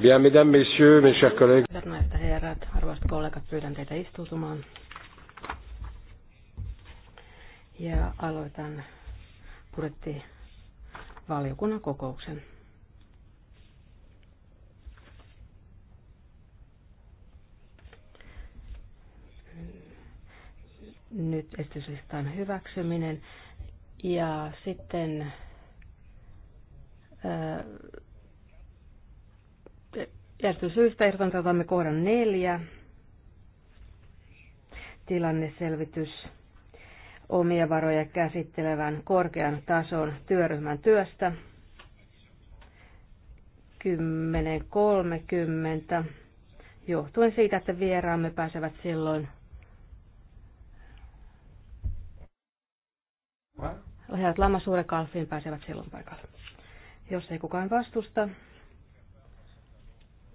Bien, mesdames, messieurs, mes chers collègues. Hyvät naiset ja herrat, arvoisat kollegat, pyydän teitä istuutumaan. Ja aloitan budjettivaliokunnan kokouksen. Nyt esityslistan hyväksyminen ja sitten äh, Järjestysyystä ehdotan, otamme kohdan neljä. Tilanneselvitys omia varoja käsittelevän korkean tason työryhmän työstä. 10.30 johtuen siitä, että vieraamme pääsevät silloin Lähdet Lama Suurekalfiin pääsevät silloin paikalle. Jos ei kukaan vastusta,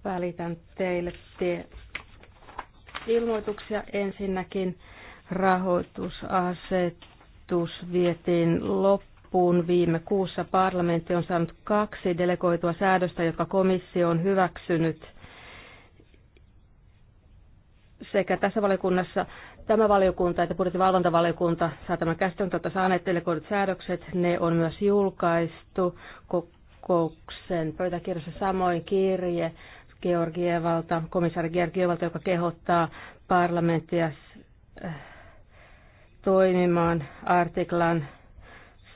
Välitän teille te ilmoituksia. Ensinnäkin rahoitusasetus vietiin loppuun viime kuussa. Parlamentti on saanut kaksi delegoitua säädöstä, jotka komissio on hyväksynyt sekä tässä valiokunnassa tämä valiokunta että budjettivalvontavaliokunta saa tämän käsittelyn, että saaneet delegoidut säädökset, ne on myös julkaistu kokouksen pöytäkirjassa samoin kirje Georgievalta, komissaari Georgievalta, joka kehottaa parlamenttia äh, toimimaan artiklan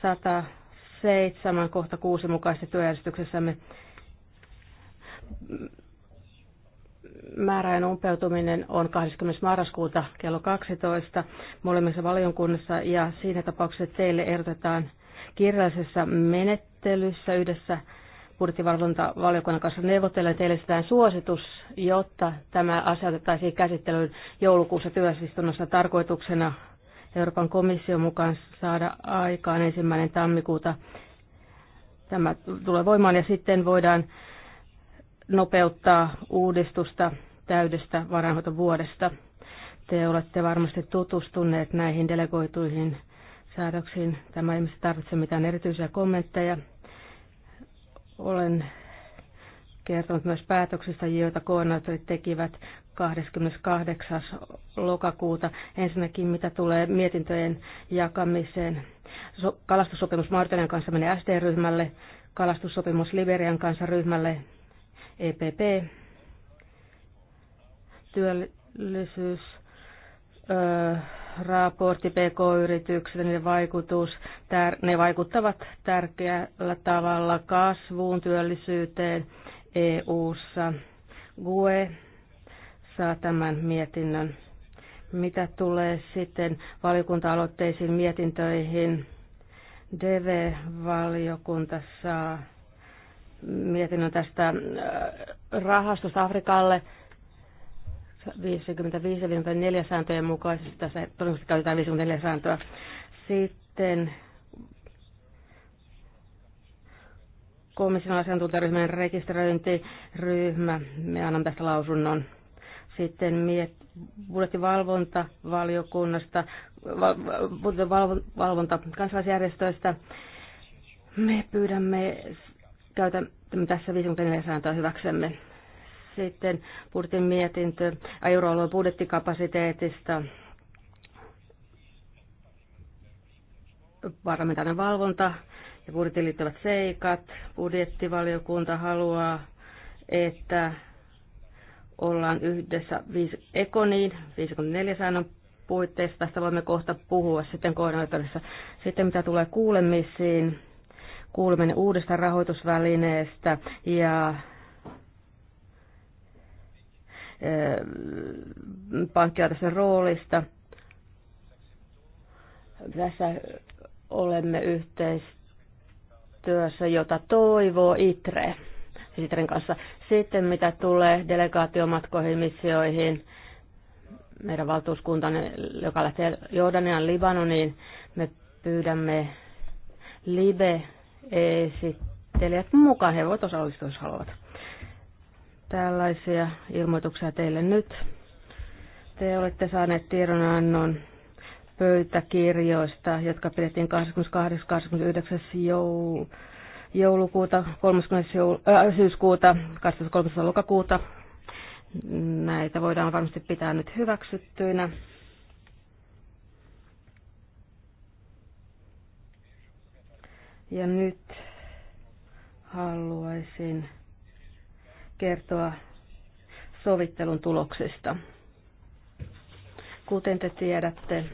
107 kohta 6 mukaisesti työjärjestyksessämme määräajan umpeutuminen on 20. marraskuuta kello 12 molemmissa valiokunnissa ja siinä tapauksessa teille erotetaan kirjallisessa menettelyssä yhdessä budjettivalvontavaliokunnan kanssa neuvotellen teille sitä suositus, jotta tämä asia otettaisiin käsittelyyn joulukuussa työsistunnossa tarkoituksena Euroopan komission mukaan saada aikaan ensimmäinen tammikuuta. Tämä tulee voimaan ja sitten voidaan nopeuttaa uudistusta täydestä varainhoitovuodesta. Te olette varmasti tutustuneet näihin delegoituihin säädöksiin. Tämä ei tarvitse mitään erityisiä kommentteja. Olen kertonut myös päätöksistä, joita koordinaattorit tekivät 28. lokakuuta. Ensinnäkin mitä tulee mietintöjen jakamiseen. kalastussopimus Martelian kanssa menee st ryhmälle kalastussopimus Liberian kanssa ryhmälle EPP, työllisyys raportti PK-yrityksille, niiden vaikutus, tär, ne vaikuttavat tärkeällä tavalla kasvuun, työllisyyteen EU-ssa. GUE saa tämän mietinnön. Mitä tulee sitten valiokunta-aloitteisiin mietintöihin, DV-valiokunta saa mietinnön tästä rahastosta Afrikalle – 55-54 sääntöjen mukaisesti. Tässä todennäköisesti käytetään 54 sääntöä. Sitten komission asiantuntijaryhmän rekisteröintiryhmä. Me annan tästä lausunnon. Sitten miet, budjettivalvontavaliokunnasta, val, val, valvonta kansalaisjärjestöistä. Me pyydämme käytämme tässä 54 sääntöä hyväksemme. Sitten budjetin mietintö euroalueen budjettikapasiteetista. Parlamentaarinen valvonta ja budjettiin liittyvät seikat. Budjettivaliokunta haluaa, että ollaan yhdessä Ekoniin 54 säännön puitteissa. Tästä voimme kohta puhua sitten koordinaattorissa. Sitten mitä tulee kuulemisiin, kuuleminen uudesta rahoitusvälineestä ja Äh, pankkia roolista. Tässä olemme yhteistyössä, jota toivoo ITRE. ITREn kanssa. Sitten mitä tulee delegaatiomatkoihin, missioihin, meidän valtuuskunta, joka lähtee Jordanian Libanoniin, me pyydämme Libe-esittelijät mukaan. He voivat osallistua, jos haluavat. Tällaisia ilmoituksia teille nyt. Te olette saaneet tiedonannon pöytäkirjoista, jotka pidettiin 28.29. Jou- joulukuuta, 30. Joul- äh, syyskuuta, 23. lokakuuta. Näitä voidaan varmasti pitää nyt hyväksyttyinä. Ja nyt haluaisin kertoa sovittelun tuloksista. Kuten te tiedätte,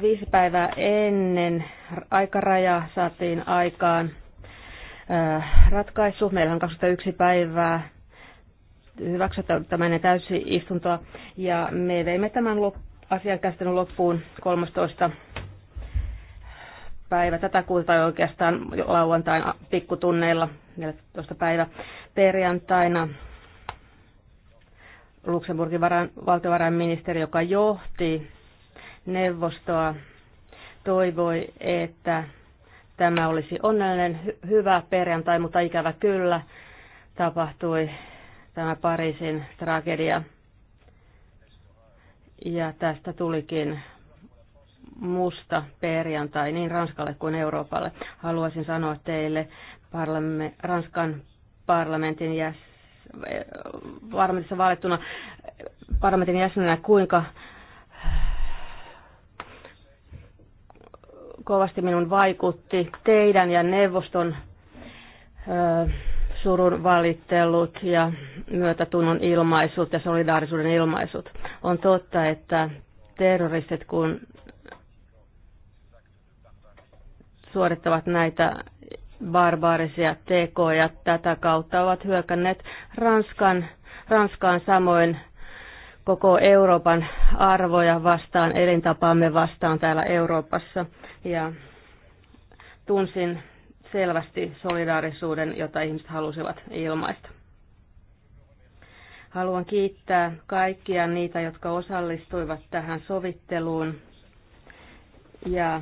viisi päivää ennen aikaraja saatiin aikaan ratkaisu. Meillä on 21 päivää hyväksytä täysi istuntoa ja me veimme tämän asian käsittelyn loppuun 13 päivä tätä kuuta tai oikeastaan lauantaina pikkutunneilla 14. päivä perjantaina Luxemburgin varan, valtiovarainministeri, joka johti neuvostoa, toivoi, että tämä olisi onnellinen hy- hyvä perjantai, mutta ikävä kyllä tapahtui tämä Pariisin tragedia. Ja tästä tulikin musta perjantai niin Ranskalle kuin Euroopalle. Haluaisin sanoa teille parlamme, Ranskan parlamentin jäs, valittuna parlamentin jäsenenä, kuinka kovasti minun vaikutti teidän ja neuvoston ö, surun valittelut ja myötätunnon ilmaisut ja solidaarisuuden ilmaisut. On totta, että terroristit, kun suorittavat näitä barbaarisia tekoja. Tätä kautta ovat hyökänneet Ranskan, Ranskaan samoin koko Euroopan arvoja vastaan, elintapaamme vastaan täällä Euroopassa. Ja tunsin selvästi solidaarisuuden, jota ihmiset halusivat ilmaista. Haluan kiittää kaikkia niitä, jotka osallistuivat tähän sovitteluun. Ja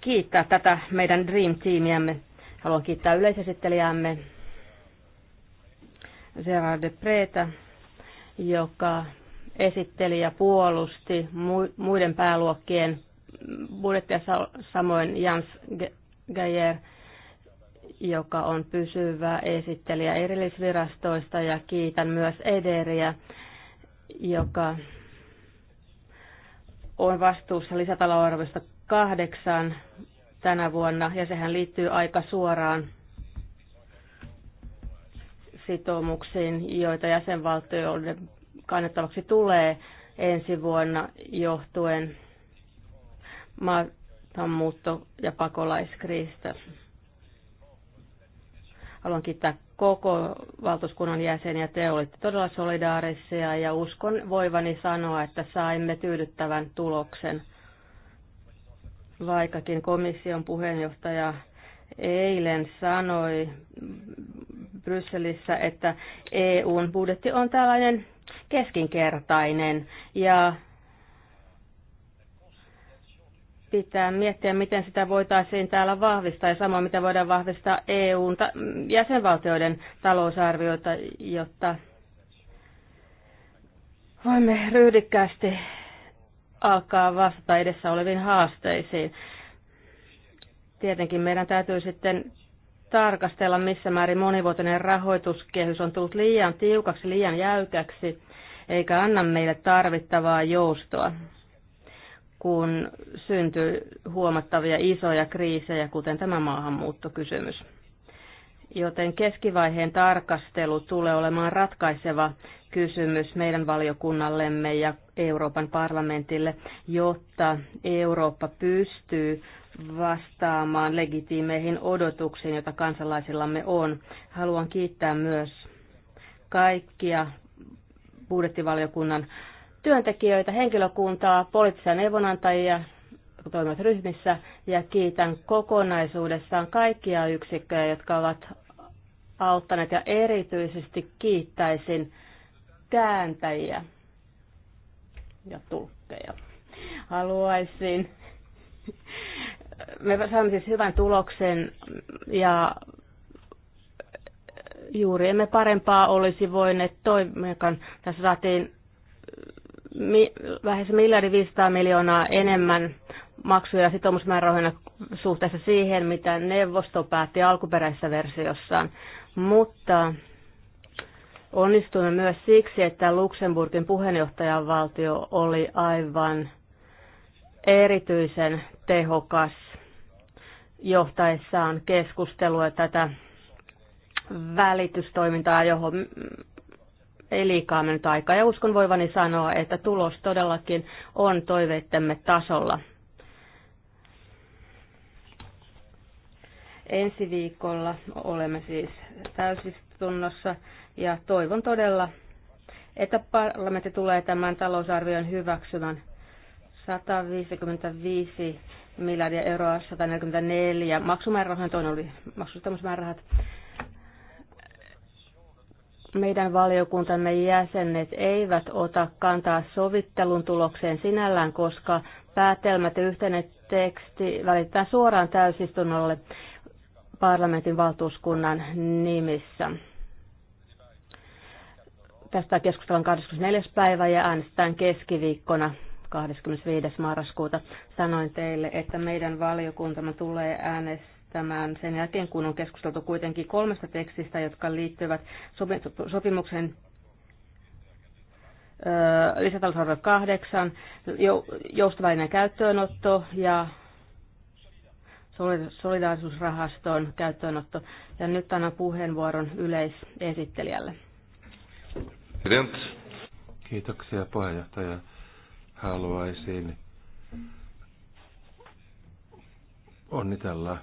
kiittää tätä meidän Dream Teamiämme. Haluan kiittää yleisesittelijäämme Gerard de Preta, joka esitteli ja puolusti muiden pääluokkien budjettia samoin Jans Geyer, joka on pysyvä esittelijä erillisvirastoista ja kiitän myös Ederiä, joka on vastuussa lisätaloarvoista kahdeksan tänä vuonna, ja sehän liittyy aika suoraan sitoumuksiin, joita jäsenvaltioiden kannettavaksi tulee ensi vuonna johtuen maahanmuutto- ja pakolaiskriisistä. Haluan kiittää koko valtuuskunnan jäseniä. Te olitte todella solidaarisia ja uskon voivani sanoa, että saimme tyydyttävän tuloksen – Vaikkakin komission puheenjohtaja eilen sanoi Brysselissä, että EUn budjetti on tällainen keskinkertainen ja pitää miettiä, miten sitä voitaisiin täällä vahvistaa ja samoin mitä voidaan vahvistaa EUn ta- jäsenvaltioiden talousarvioita, jotta voimme ryhdikkäästi alkaa vastata edessä oleviin haasteisiin. Tietenkin meidän täytyy sitten tarkastella, missä määrin monivuotinen rahoituskehys on tullut liian tiukaksi, liian jäykäksi, eikä anna meille tarvittavaa joustoa, kun syntyy huomattavia isoja kriisejä, kuten tämä maahanmuuttokysymys. Joten keskivaiheen tarkastelu tulee olemaan ratkaiseva kysymys meidän valiokunnallemme ja Euroopan parlamentille, jotta Eurooppa pystyy vastaamaan legitiimeihin odotuksiin, joita kansalaisillamme on. Haluan kiittää myös kaikkia budjettivaliokunnan työntekijöitä, henkilökuntaa, poliittisia neuvonantajia, toimivat ryhmissä ja kiitän kokonaisuudessaan kaikkia yksikköjä, jotka ovat auttaneet ja erityisesti kiittäisin kääntäjiä ja tulkkeja. Haluaisin, me saamme siis hyvän tuloksen ja juuri emme parempaa olisi voineet toimia. Tässä saatiin mi, lähes miljardi 500 miljoonaa enemmän maksuja ja sitoumusmäärärahoina suhteessa siihen, mitä neuvosto päätti alkuperäisessä versiossaan. Mutta Onnistuimme myös siksi, että Luxemburgin puheenjohtajavaltio oli aivan erityisen tehokas johtaessaan keskustelua tätä välitystoimintaa, johon ei liikaa mennyt aikaa. Ja uskon voivani sanoa, että tulos todellakin on toiveittemme tasolla. Ensi viikolla olemme siis täysistunnossa ja toivon todella, että parlamentti tulee tämän talousarvion hyväksymään 155 miljardia euroa, 144 maksumäärärahoja, toinen oli maksustamusmäärärahat. Meidän valiokuntamme jäsenet eivät ota kantaa sovittelun tulokseen sinällään, koska päätelmät ja yhteinen teksti välitetään suoraan täysistunnolle parlamentin valtuuskunnan nimissä. Tästä keskustellaan 24. päivä ja äänestetään keskiviikkona 25. marraskuuta. Sanoin teille, että meidän valiokuntamme tulee äänestämään sen jälkeen, kun on keskusteltu kuitenkin kolmesta tekstistä, jotka liittyvät sopimuksen lisätalousarvio 8, joustavainen käyttöönotto ja solidaarisuusrahaston käyttöönotto. Ja nyt annan puheenvuoron yleisesittelijälle. President. Kiitoksia puheenjohtaja. Haluaisin onnitella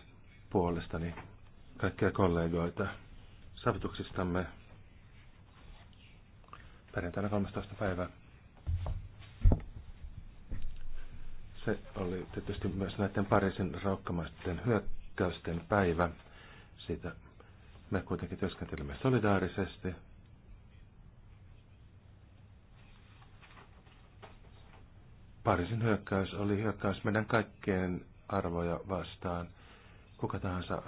puolestani kaikkia kollegoita saavutuksistamme perjantaina 13. päivä. Se oli tietysti myös näiden Pariisin raukkamaisten hyökkäysten päivä. Siitä me kuitenkin työskentelemme solidaarisesti Pariisin hyökkäys oli hyökkäys meidän kaikkien arvoja vastaan. Kuka tahansa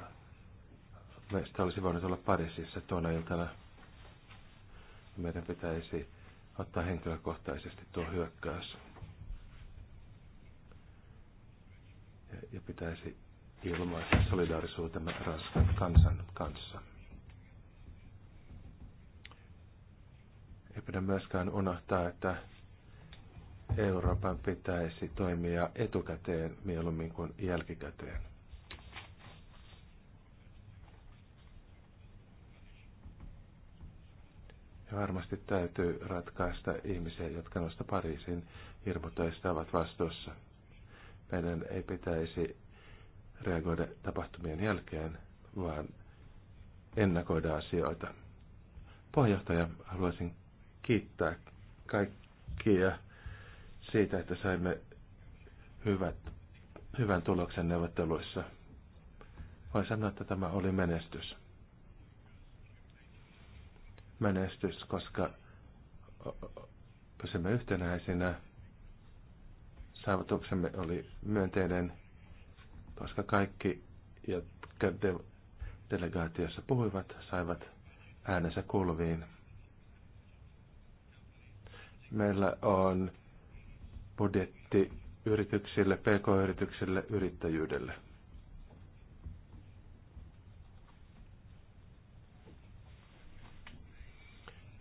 meistä olisi voinut olla Pariisissa tuona iltana. Meidän pitäisi ottaa henkilökohtaisesti tuo hyökkäys. Ja, ja pitäisi ilmaista solidaarisuutemme Ranskan kansan kanssa. Ei pidä myöskään unohtaa, että Euroopan pitäisi toimia etukäteen mieluummin kuin jälkikäteen. Ja varmasti täytyy ratkaista ihmisiä, jotka noista Pariisin hirmutöistä ovat vastuussa. Meidän ei pitäisi reagoida tapahtumien jälkeen, vaan ennakoida asioita. Pohjohtaja, haluaisin kiittää kaikkia siitä, että saimme hyvät, hyvän tuloksen neuvotteluissa. Voin sanoa, että tämä oli menestys. Menestys, koska pysymme yhtenäisinä. Saavutuksemme oli myönteinen, koska kaikki, jotka de- delegaatiossa puhuivat, saivat äänensä kuuluviin. Meillä on budjetti yrityksille, pk-yrityksille, yrittäjyydelle.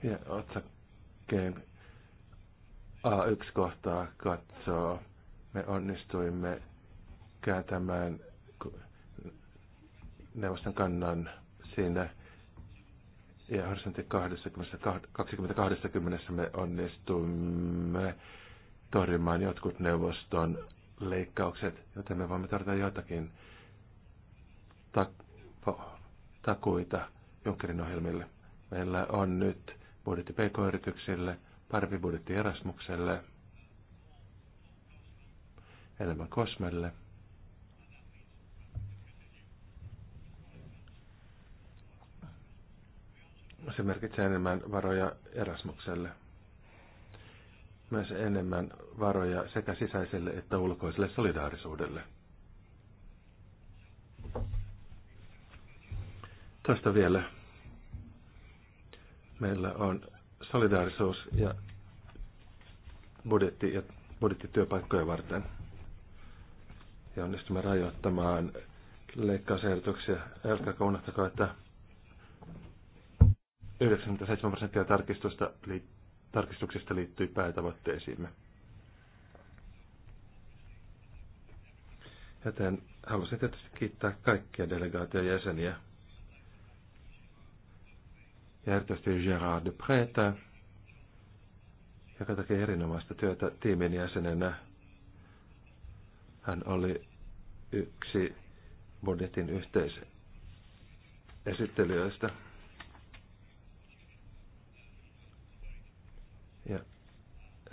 Ja otsakkeen A1-kohtaa katsoo. Me onnistuimme kääntämään neuvoston kannan siinä ja horisontti 2020 me onnistuimme torjumaan jotkut neuvoston leikkaukset, joten me voimme tarjota joitakin tak- takuita Junckerin ohjelmille. Meillä on nyt budjetti PK-yrityksille, parempi budjetti Erasmukselle, enemmän Kosmelle. Se merkitsee enemmän varoja Erasmukselle myös enemmän varoja sekä sisäiselle että ulkoiselle solidaarisuudelle. Tästä vielä. Meillä on solidaarisuus ja budjetti ja budjettityöpaikkoja varten. Ja onnistumme rajoittamaan leikkausehdotuksia. Älkääkä unohtakaa, että 97 prosenttia tarkistusta liittyy tarkistuksista liittyy päätavoitteisiimme. Joten haluaisin tietysti kiittää kaikkia delegaation jäseniä. Ja erityisesti Gérard de Preta, joka teki erinomaista työtä tiimin jäsenenä. Hän oli yksi budjetin yhteisesittelijöistä.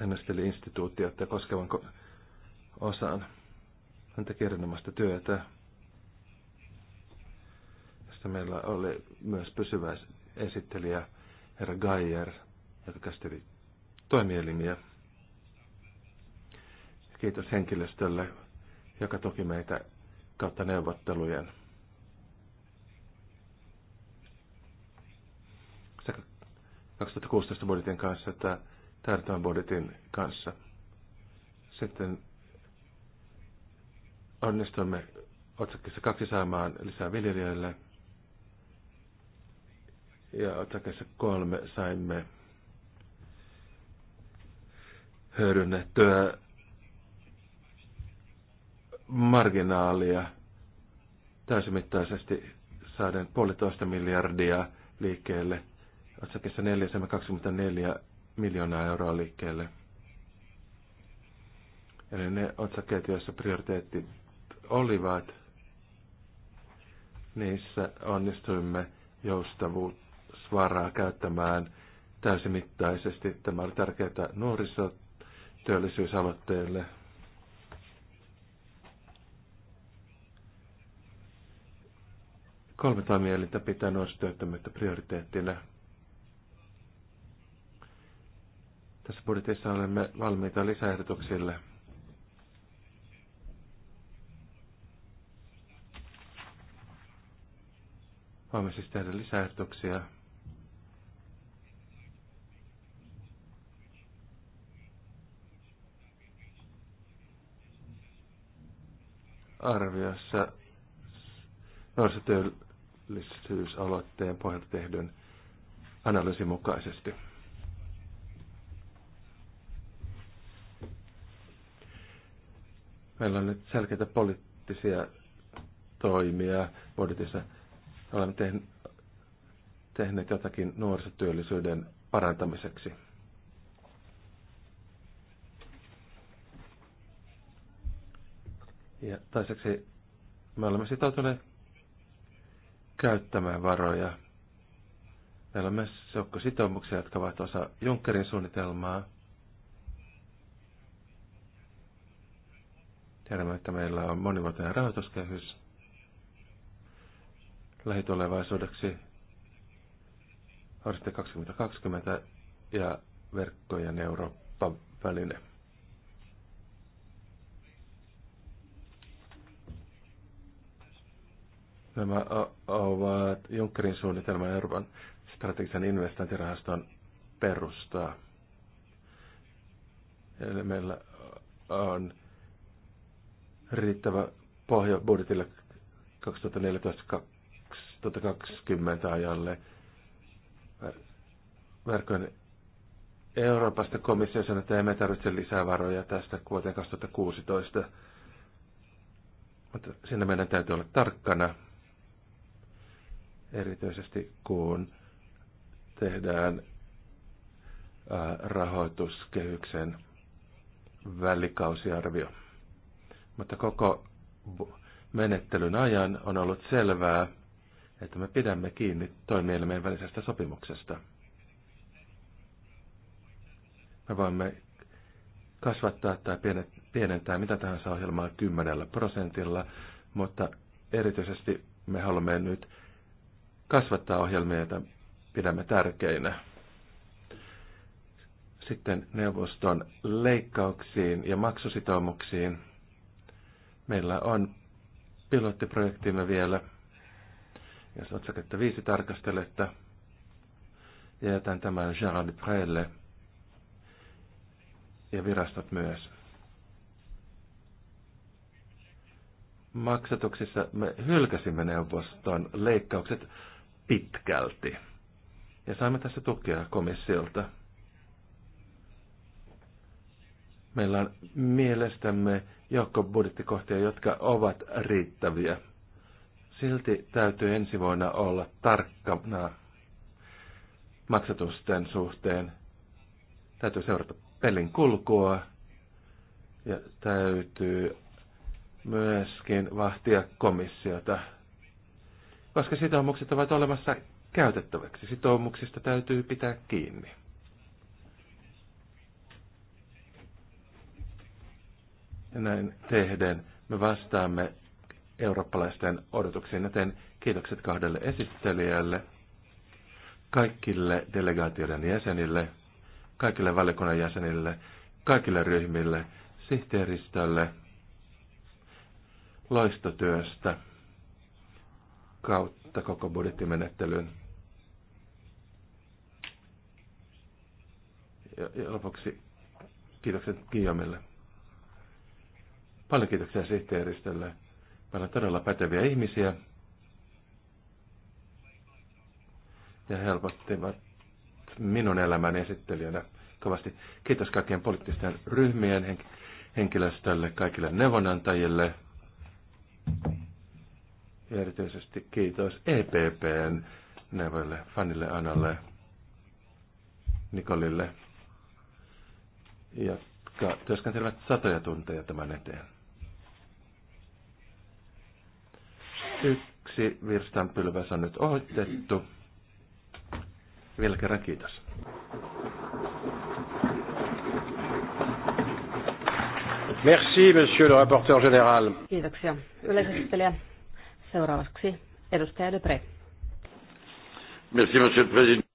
ennusteli instituutiota koskevan osan. Hän teki erinomaista työtä. Sitten meillä oli myös pysyvä esittelijä herra Geyer, joka käsitteli toimielimiä. Kiitos henkilöstölle, joka tuki meitä kautta neuvottelujen. Sekä 2016 budjetin kanssa että tärkeän budjetin kanssa. Sitten onnistuimme otsakkeessa kaksi saamaan lisää viljelijöille. Ja otsakkeessa kolme saimme hyödynnettyä marginaalia täysimittaisesti saaden puolitoista miljardia liikkeelle. Otsakkeessa 4 24 miljoonaa euroa liikkeelle. Eli ne otsakkeet, joissa prioriteetti olivat, niissä onnistuimme joustavuusvaraa käyttämään täysimittaisesti. Tämä oli tärkeää nuorisotyöllisyysaloitteille. Kolme toimielintä pitää nuorisotyöttömyyttä prioriteettina Tässä budjetissa olemme valmiita lisäehdotuksille. Voimme siis tehdä lisäehdotuksia. Arviossa nuorisotyöllisyysaloitteen pohjalta tehdyn analyysin mukaisesti. Meillä on nyt selkeitä poliittisia toimia budjetissa. Olemme tehneet, jotakin nuorisotyöllisyyden parantamiseksi. Ja toiseksi me olemme sitoutuneet käyttämään varoja. Meillä on myös joukko sitoumuksia, jotka ovat osa Junckerin suunnitelmaa. Tiedämme, että meillä on monivuotinen rahoituskehys lähitulevaisuudeksi Horsti 2020 ja verkkojen Eurooppa-väline. Nämä ovat Junckerin suunnitelma Euroopan strategisen investointirahaston perustaa. Eli meillä on riittävä pohja budjetille 2014-2020 ajalle. Verkon Euroopasta komissio sanoi, että emme tarvitse lisää varoja tästä vuoteen 2016. Mutta siinä meidän täytyy olla tarkkana, erityisesti kun tehdään rahoituskehyksen välikausiarvio mutta koko menettelyn ajan on ollut selvää, että me pidämme kiinni toimielimien välisestä sopimuksesta. Me voimme kasvattaa tai pienentää mitä tahansa ohjelmaa kymmenellä prosentilla, mutta erityisesti me haluamme nyt kasvattaa ohjelmia, joita pidämme tärkeinä. Sitten neuvoston leikkauksiin ja maksusitoumuksiin – Meillä on pilottiprojektimme vielä, jos otsaketta viisi tarkastelette, ja jätän tämän Gerard Duprelle ja virastot myös. Maksatuksissa me hylkäsimme neuvoston leikkaukset pitkälti ja saimme tässä tukea komissiolta. Meillä on mielestämme joukko budjettikohtia, jotka ovat riittäviä. Silti täytyy ensi vuonna olla tarkkana maksatusten suhteen. Täytyy seurata pelin kulkua ja täytyy myöskin vahtia komissiota, koska sitoumukset ovat olemassa käytettäväksi. Sitoumuksista täytyy pitää kiinni. Ja näin tehden me vastaamme eurooppalaisten odotuksiin, joten kiitokset kahdelle esittelijälle, kaikille delegaatioiden jäsenille, kaikille valiokunnan jäsenille, kaikille ryhmille, sihteeristölle, loistotyöstä kautta koko budjettimenettelyn. Ja, lopuksi kiitokset Kiomille. Paljon kiitoksia sihteeristölle. Meillä on todella päteviä ihmisiä. Ja helpottivat minun elämäni esittelijänä kovasti. Kiitos kaikkien poliittisten ryhmien henkilöstölle, kaikille neuvonantajille. Ja erityisesti kiitos EPPn neuvoille, fanille Analle, Nikolille, jotka työskentelevät satoja tunteja tämän eteen. Yksi virstanpylväs on nyt ohitettu. Vielä kerran kiitos. Merci, monsieur le rapporteur général. Kiitoksia. Yleisesittelijä. Seuraavaksi edustaja Debre. Merci, monsieur le président.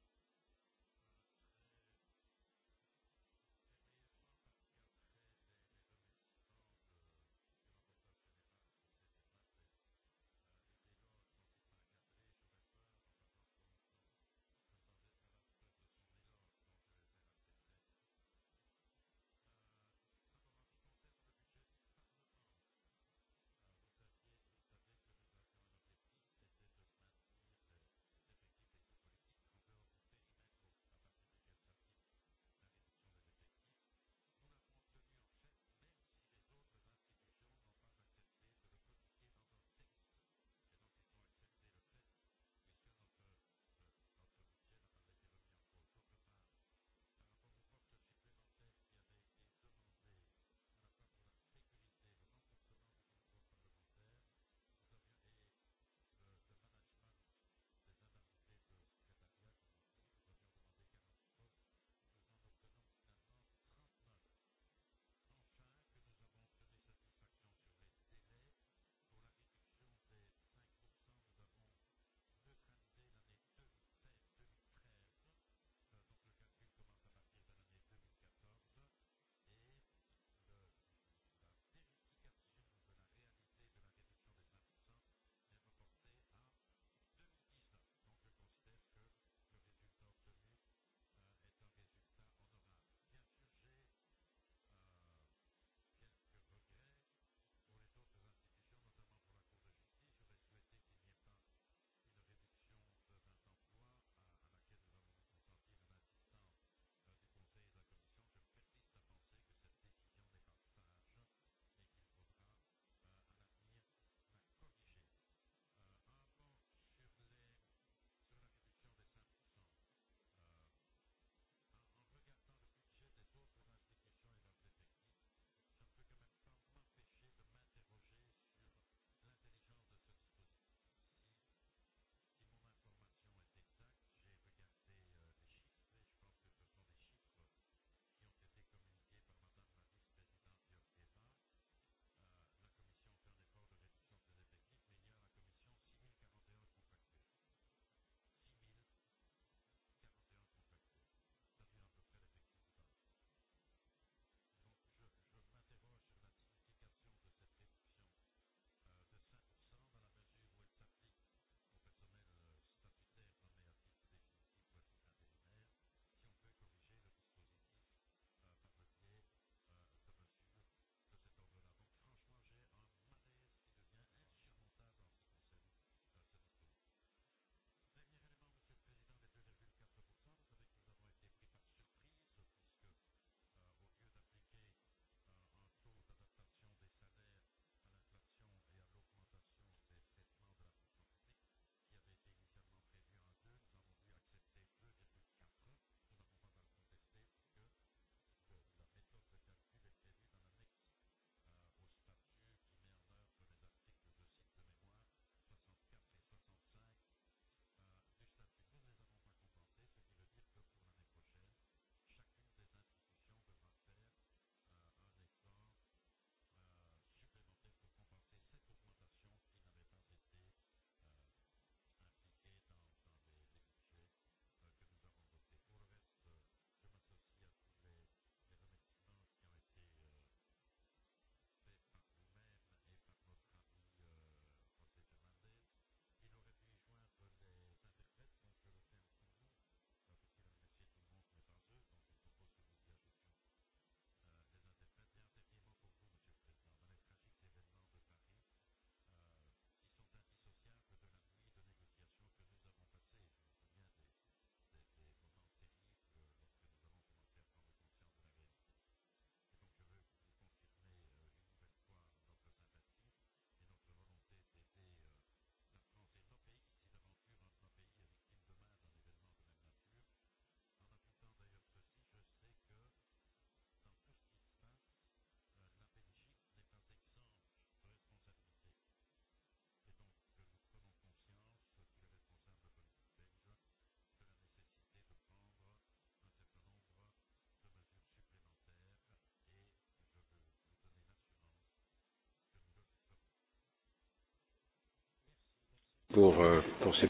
pour, euh, pour ces...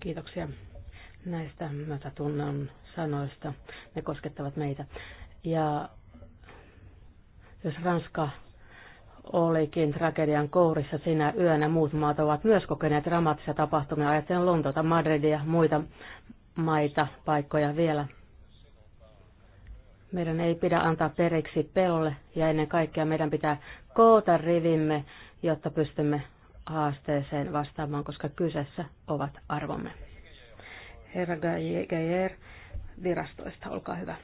Kiitoksia näistä myötätunnon sanoista. Ne koskettavat meitä. Ja jos Ranska olikin tragedian kourissa sinä yönä, muut maat ovat myös kokeneet dramaattisia tapahtumia. Ajattelen Lontoota, Madridia, muita maita, paikkoja vielä. Meidän ei pidä antaa periksi pelolle ja ennen kaikkea meidän pitää koota rivimme, jotta pystymme haasteeseen vastaamaan, koska kyseessä ovat arvomme. Herra Gajer virastoista, olkaa hyvä.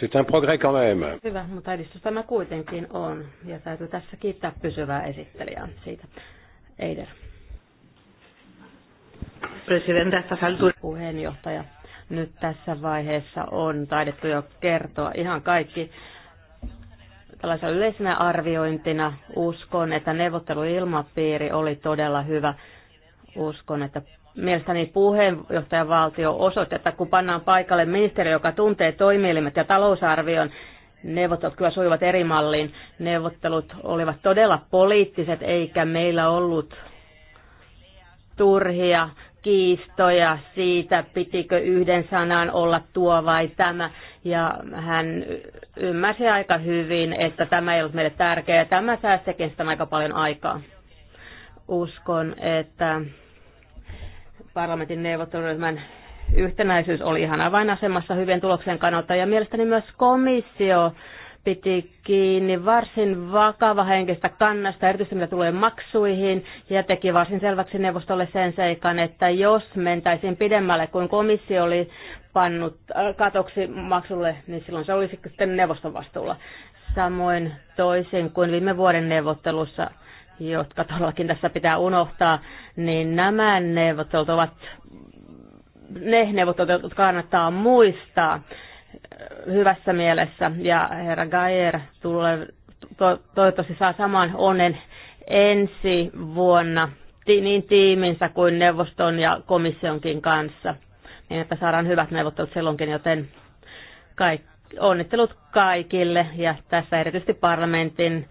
C'est un progrès quand même. Hyvä, mutta edistys tämä kuitenkin on. Ja täytyy tässä kiittää pysyvää esittelijää siitä. Eider. Puheenjohtaja. Nyt tässä vaiheessa on taidettu jo kertoa ihan kaikki tällaisena yleisenä arviointina. Uskon, että neuvotteluilmapiiri oli todella hyvä. Uskon, että mielestäni valtio osoitti, että kun pannaan paikalle ministeri, joka tuntee toimielimet ja talousarvion, neuvottelut kyllä sujuvat eri malliin. Neuvottelut olivat todella poliittiset, eikä meillä ollut turhia kiistoja siitä, pitikö yhden sanan olla tuo vai tämä. Ja hän ymmärsi aika hyvin, että tämä ei ollut meille tärkeää. Tämä säästikin sitä aika paljon aikaa. Uskon, että parlamentin neuvotteluryhmän yhtenäisyys oli ihan avainasemassa hyvien tuloksen kannalta ja mielestäni myös komissio piti kiinni varsin vakavahenkistä kannasta, erityisesti mitä tulee maksuihin, ja teki varsin selväksi neuvostolle sen seikan, että jos mentäisiin pidemmälle kuin komissio oli pannut äh, katoksi maksulle, niin silloin se olisi sitten neuvoston vastuulla. Samoin toisin kuin viime vuoden neuvottelussa jotka todellakin tässä pitää unohtaa, niin nämä neuvottelut ovat ne neuvottelut, jotka kannattaa muistaa hyvässä mielessä. Ja herra Gayer tulee, to, toivottavasti saa saman onnen ensi vuonna niin tiiminsä kuin neuvoston ja komissionkin kanssa, niin että saadaan hyvät neuvottelut silloinkin, joten kaikki, onnittelut kaikille ja tässä erityisesti parlamentin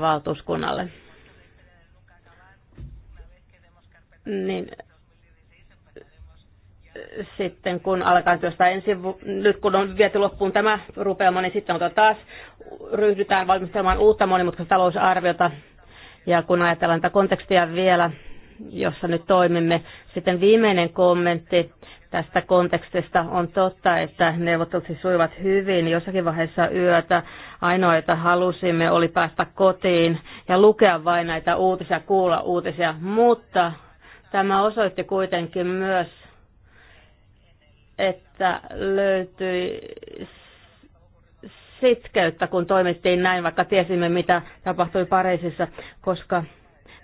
valtuuskunnalle. Niin, sitten kun alkaa työstä ensi, nyt kun on viety loppuun tämä rupeama, niin sitten on taas ryhdytään valmistelemaan uutta monimutkaista talousarviota. Ja kun ajatellaan tätä kontekstia vielä, jossa nyt toimimme, sitten viimeinen kommentti tästä kontekstista. On totta, että neuvottelut siis suivat hyvin jossakin vaiheessa yötä. Ainoa, että halusimme, oli päästä kotiin ja lukea vain näitä uutisia, kuulla uutisia. Mutta tämä osoitti kuitenkin myös, että löytyi sitkeyttä, kun toimittiin näin, vaikka tiesimme, mitä tapahtui Pariisissa, koska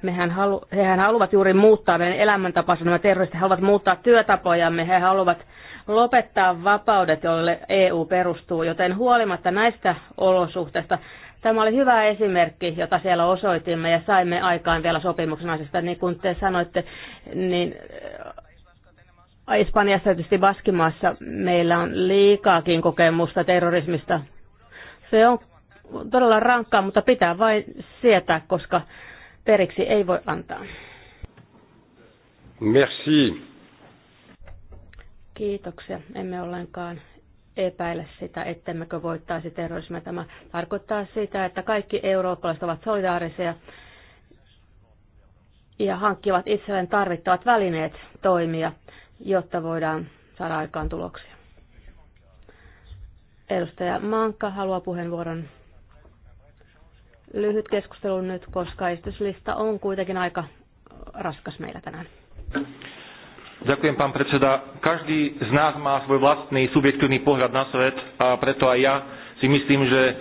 Mehän halu, hehän haluavat juuri muuttaa meidän elämäntapansa, nämä terroristit haluavat muuttaa työtapojamme, he haluavat lopettaa vapaudet, joille EU perustuu, joten huolimatta näistä olosuhteista Tämä oli hyvä esimerkki, jota siellä osoitimme ja saimme aikaan vielä sopimuksen asiasta. Niin kuin te sanoitte, niin äh, Espanjassa tietysti Baskimaassa meillä on liikaakin kokemusta terrorismista. Se on todella rankkaa, mutta pitää vain sietää, koska Periksi ei voi antaa. Merci. Kiitoksia. Emme ollenkaan epäile sitä, ettemmekö voittaisi terrorismia. Tämä tarkoittaa sitä, että kaikki eurooppalaiset ovat solidaarisia ja hankkivat itselleen tarvittavat välineet toimia, jotta voidaan saada aikaan tuloksia. Edustaja Manka haluaa puheenvuoron lyhyt keskustelu nyt, koska esityslista on kuitenkin aika äh, raskas meillä tänään. Ďakujem, pán predseda. Každý z nás má svoj vlastný subjektívny pohľad na svet a preto aj ja si myslím, že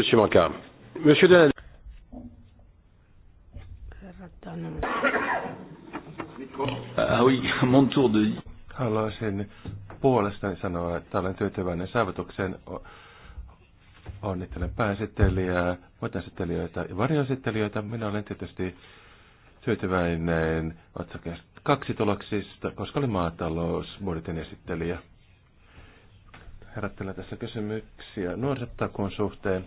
Monsieur Manka. Monsieur Delaney. Ah, äh, oui, mon tour de... Haluaisin puolestani sanoa, että olen tyytyväinen saavutukseen. Onnittelen pääsittelijää, muitaesittelijöitä ja varjoisittelijöitä. Minä olen tietysti tyytyväinen otsakkeesta kaksi tuloksista, koska maatalous, budjetin esittelijä herättelee tässä kysymyksiä nuorisotakuun suhteen.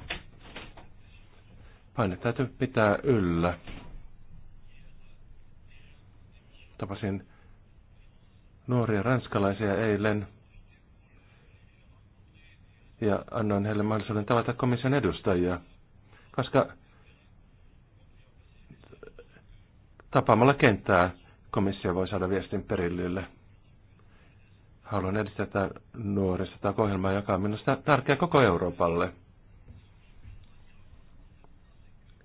Paine täytyy pitää yllä. Tapasin nuoria ranskalaisia eilen ja annoin heille mahdollisuuden tavata komission edustajia, koska tapaamalla kenttää komissio voi saada viestin perillille. Haluan edistää tätä nuorisotakohjelmaa, joka on minusta tärkeä koko Euroopalle.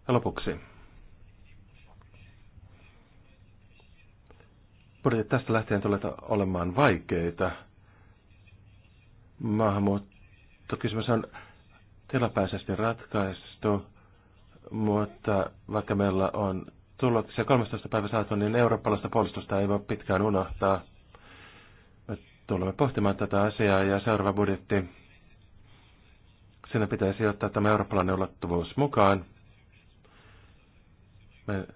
Ja lopuksi. Budjetit tästä lähtien tulee olemaan vaikeita. Maahanmuuttokysymys on tilapäisesti ratkaistu, mutta vaikka meillä on tuloksia 13. päivä saatu, niin eurooppalaista puolustusta ei voi pitkään unohtaa tulemme pohtimaan tätä asiaa ja seuraava budjetti. Siinä pitäisi ottaa tämä eurooppalainen ulottuvuus mukaan. Me,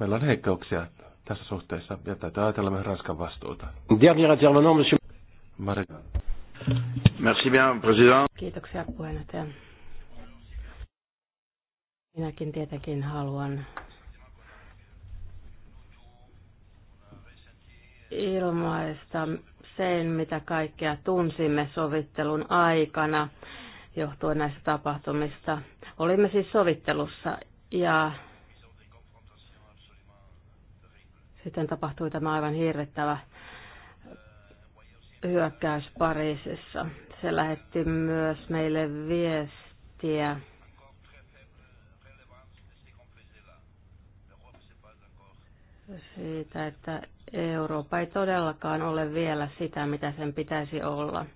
meillä on heikkouksia tässä suhteessa ja täytyy ajatella myös Ranskan vastuuta. Dernier Merci bien, président. Kiitoksia puheenjohtaja. Minäkin tietenkin haluan ilmaista sen, mitä kaikkea tunsimme sovittelun aikana johtuen näistä tapahtumista. Olimme siis sovittelussa ja sitten tapahtui tämä aivan hirvittävä hyökkäys Pariisissa. Se lähetti myös meille viestiä. Siitä, että Eurooppa ei todellakaan ole vielä sitä, mitä sen pitäisi olla.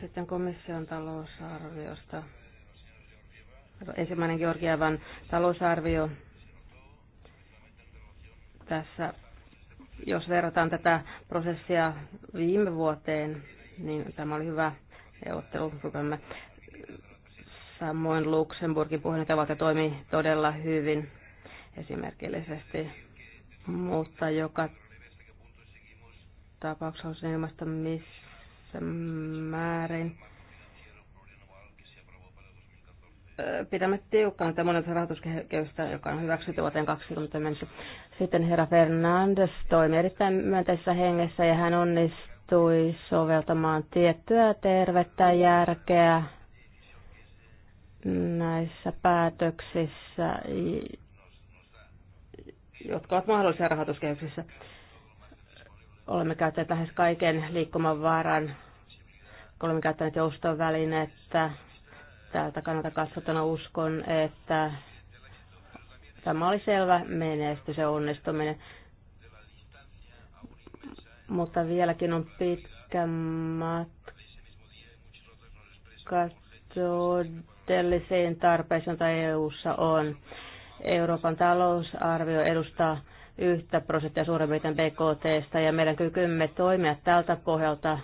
Sitten komission talousarviosta. Ensimmäinen Georgiavan talousarvio tässä, jos verrataan tätä prosessia viime vuoteen, niin tämä oli hyvä neuvottelu. Rupeamme Samoin Luxemburgin puheenjohtajavaltio toimii todella hyvin esimerkillisesti, mutta joka tapauksessa on ilmasta missä määrin pidämme tiukkaan tätä monet rahoituskehystä, joka on hyväksytty vuoteen 2020 mennessä. Sitten herra Fernandes toimi erittäin myönteisessä hengessä ja hän onnistui soveltamaan tiettyä tervettä järkeä näissä päätöksissä, jotka ovat mahdollisia rahoituskehyksissä. Olemme käyttäneet lähes kaiken liikkumavaran, olemme käyttäneet joustovälinettä. Täältä kannalta katsottuna uskon, että tämä oli selvä menestys ja onnistuminen. Mutta vieläkin on pitkä matka suhteellisiin tarpeisiin, joita EU-ssa on. Euroopan talousarvio edustaa yhtä prosenttia suurin piirtein BKTstä ja meidän kykymme toimia tältä pohjalta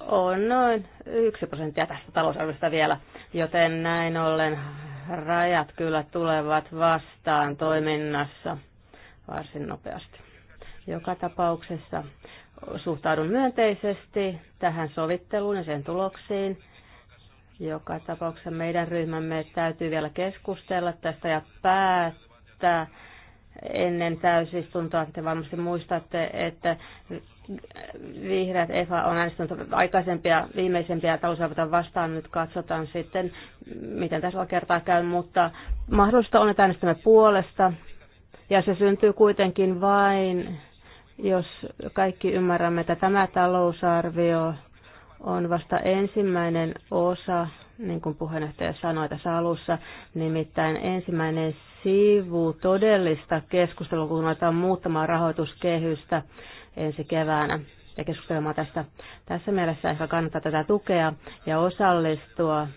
on noin yksi prosenttia tästä talousarviosta vielä, joten näin ollen rajat kyllä tulevat vastaan toiminnassa varsin nopeasti. Joka tapauksessa suhtaudun myönteisesti tähän sovitteluun ja sen tuloksiin joka tapauksessa meidän ryhmämme täytyy vielä keskustella tästä ja päättää ennen täysistuntoa. Te varmasti muistatte, että vihreät EFA on äänestänyt aikaisempia, viimeisempiä talousarvioita vastaan. Nyt katsotaan sitten, miten tässä kertaa käy, mutta mahdollista on, että äänestämme puolesta. Ja se syntyy kuitenkin vain, jos kaikki ymmärrämme, että tämä talousarvio on vasta ensimmäinen osa, niin kuin puheenjohtaja sanoi tässä alussa, nimittäin ensimmäinen sivu todellista keskustelua, kun aletaan muuttamaan rahoituskehystä ensi keväänä ja keskustelemaan tästä. Tässä mielessä ehkä kannattaa tätä tukea ja osallistua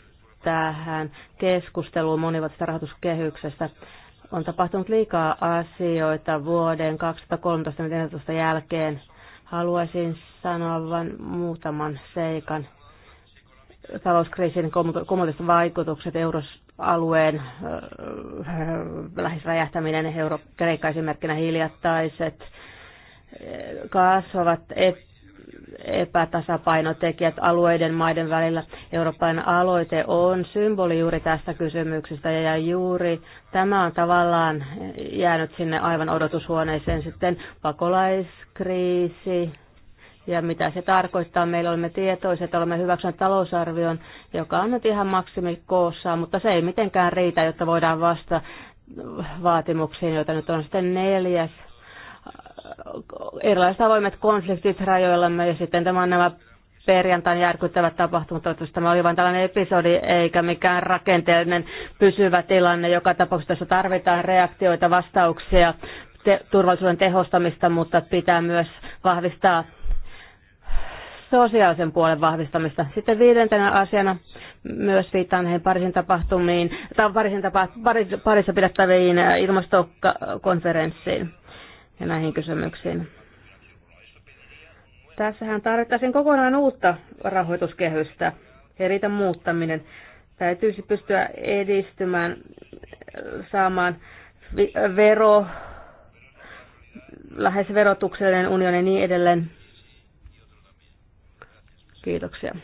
tähän keskusteluun monivuotisesta rahoituskehyksestä. On tapahtunut liikaa asioita vuoden 2013 jälkeen Haluaisin sanoa vain muutaman seikan. Talouskriisin kumulliset vaikutukset euroalueen lähes räjähtäminen, Euro- Kreikka esimerkkinä hiljattaiset kasvavat et, epätasapainotekijät alueiden maiden välillä. Euroopan aloite on symboli juuri tästä kysymyksestä ja juuri tämä on tavallaan jäänyt sinne aivan odotushuoneeseen sitten pakolaiskriisi ja mitä se tarkoittaa. Meillä olemme että olemme hyväksyneet talousarvion, joka on nyt ihan maksimikoossa, mutta se ei mitenkään riitä, jotta voidaan vastata vaatimuksiin, joita nyt on sitten neljäs erilaiset avoimet konfliktit rajoillamme ja sitten tämä on nämä perjantain järkyttävät tapahtumat. Toivottavasti tämä oli vain tällainen episodi eikä mikään rakenteellinen pysyvä tilanne. Joka tapauksessa tässä tarvitaan reaktioita, vastauksia, te- turvallisuuden tehostamista, mutta pitää myös vahvistaa sosiaalisen puolen vahvistamista. Sitten viidentenä asiana myös viittaan näihin parisin tapahtumiin, tai parisin tapa, paris, parissa pidettäviin ilmastokonferenssiin ja näihin kysymyksiin. Tässähän tarvittaisiin kokonaan uutta rahoituskehystä. eritä muuttaminen. Täytyisi pystyä edistymään, saamaan vero, lähes verotuksellinen unioni ja niin edelleen. Kiitoksia.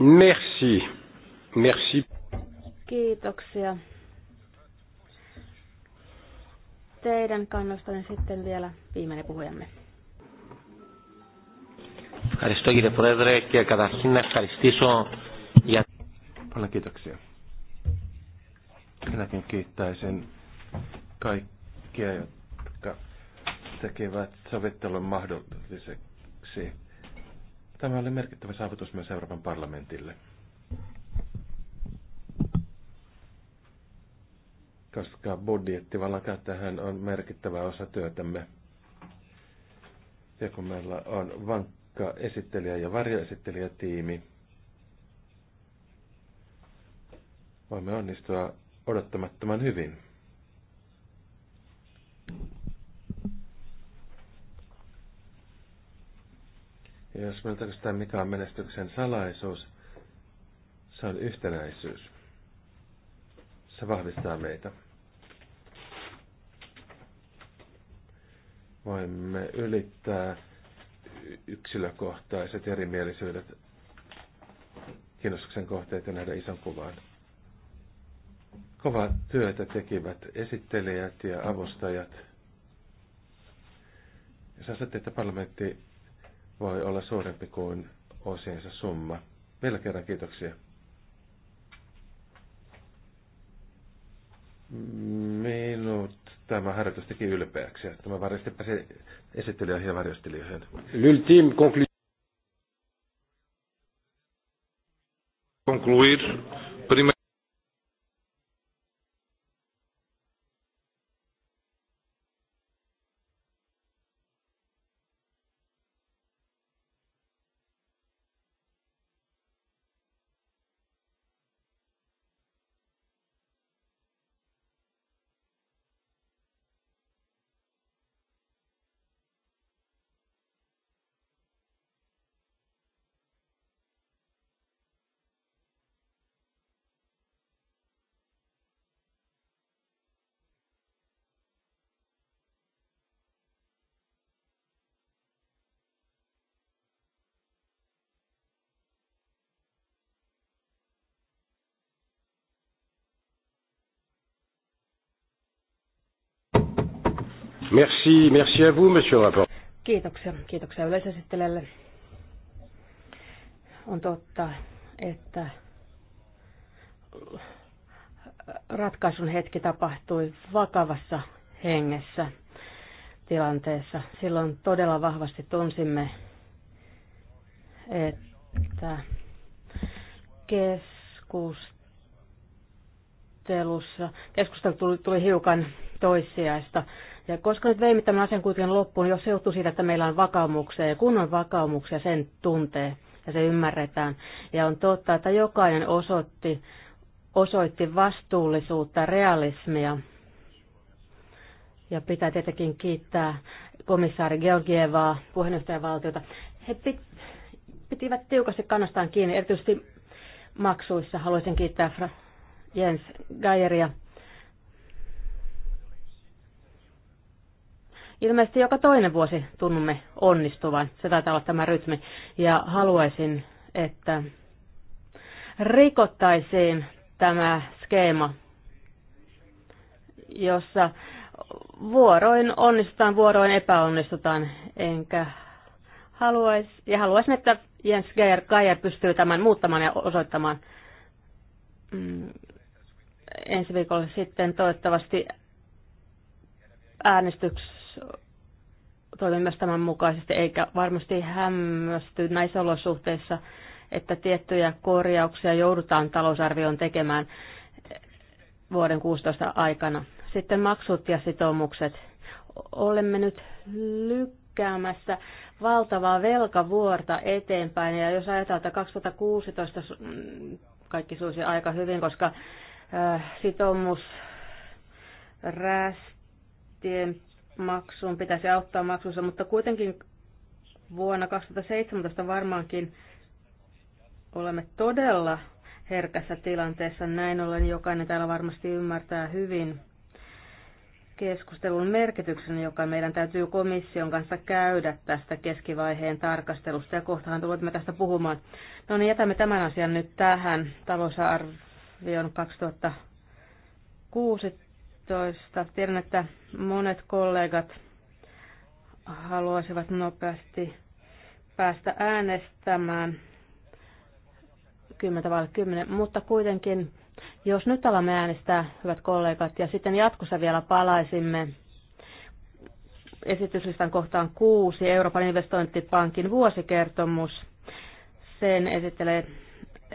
Merci. Merci. Kiitoksia. teidän kannostanne sitten vielä viimeinen puhujamme. Ευχαριστώ κύριε Πρόεδρε και καταρχήν να ευχαριστήσω για... Paljon kiitoksia. Minäkin kiittäisin kaikkia, jotka tekevät sovittelun mahdolliseksi. Tämä oli merkittävä saavutus myös Euroopan parlamentille. koska budjettivallan tähän on merkittävä osa työtämme. Ja kun meillä on vankka esittelijä- ja varjoesittelijätiimi, voimme onnistua odottamattoman hyvin. Ja jos meiltä tarkastetaan mikä on menestyksen salaisuus, se on yhtenäisyys. Se vahvistaa meitä. voimme ylittää yksilökohtaiset erimielisyydet kiinnostuksen kohteet ja nähdä ison kuvan. Kovaa työtä tekivät esittelijät ja avustajat. Ja ajatte, että parlamentti voi olla suurempi kuin osiensa summa. Vielä kerran kiitoksia. Minut Tämä harjoitus teki ylpeäksi. Tämä varmasti pääsi esittelijöihin ja varjostelijoihin. L'ultime conclusion concluir Merci, merci à vous, monsieur rapport. Kiitoksia, kiitoksia yleisesittelijälle. On totta, että ratkaisun hetki tapahtui vakavassa hengessä tilanteessa. Silloin todella vahvasti tunsimme, että keskustelussa, keskustelu tuli, tuli hiukan toissijaista. Ja koska nyt veimme tämän asian kuitenkin loppuun, jos se johtuu siitä, että meillä on vakaumuksia ja kun on vakaumuksia, sen tuntee ja se ymmärretään. Ja on totta, että jokainen osoitti, osoitti vastuullisuutta, realismia. Ja pitää tietenkin kiittää komissaari Georgievaa, puheenjohtajavaltiota. He pit, pitivät tiukasti kannastaan kiinni, erityisesti maksuissa. Haluaisin kiittää Jens Geieria Ilmeisesti joka toinen vuosi tunnumme onnistuvan. Se taitaa olla tämä rytmi. Ja haluaisin, että rikottaisiin tämä skeema, jossa vuoroin onnistutaan, vuoroin epäonnistutaan, enkä haluaisi, ja haluaisin, että Jens Geier, Geier pystyy tämän muuttamaan ja osoittamaan mm, ensi viikolla sitten toivottavasti äänestyksessä toimimassa tämän mukaisesti, eikä varmasti hämmästy näissä olosuhteissa, että tiettyjä korjauksia joudutaan talousarvioon tekemään vuoden 16 aikana. Sitten maksut ja sitoumukset. Olemme nyt lykkäämässä valtavaa velkavuorta eteenpäin, ja jos ajatellaan, että 2016 kaikki suusi aika hyvin, koska äh, sitoumus rästien maksuun pitäisi auttaa maksussa, mutta kuitenkin vuonna 2017 varmaankin olemme todella herkässä tilanteessa. Näin ollen jokainen täällä varmasti ymmärtää hyvin keskustelun merkityksen, joka meidän täytyy komission kanssa käydä tästä keskivaiheen tarkastelusta. Ja kohtahan tulemme tästä puhumaan. No niin, jätämme tämän asian nyt tähän talousarvion 2016 15. Tiedän, että monet kollegat haluaisivat nopeasti päästä äänestämään 10 vai 10, mutta kuitenkin jos nyt alamme äänestää, hyvät kollegat, ja sitten jatkossa vielä palaisimme esityslistan kohtaan kuusi, Euroopan investointipankin vuosikertomus. Sen esittelee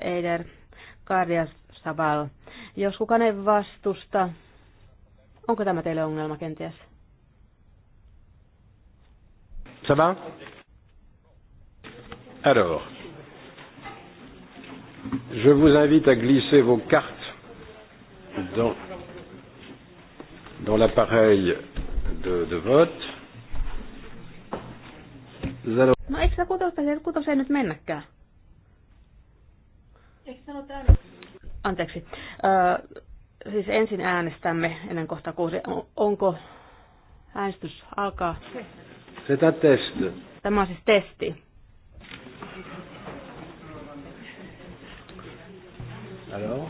Eider Kardias Saval. Jos kukaan ei vastusta, Onko tämä teille ongelma kenties? Ça va? Alors, je vous invite à glisser vos cartes dans, dans l'appareil de, de vote. Zero. No eikö sitä kutosta, se ei nyt mennäkään? Eikö sano Anteeksi. Öö, Siis ensin äänestämme ennen kohta kuusi. Onko äänestys alkaa? Sitä testi. Tämä on siis testi. Alors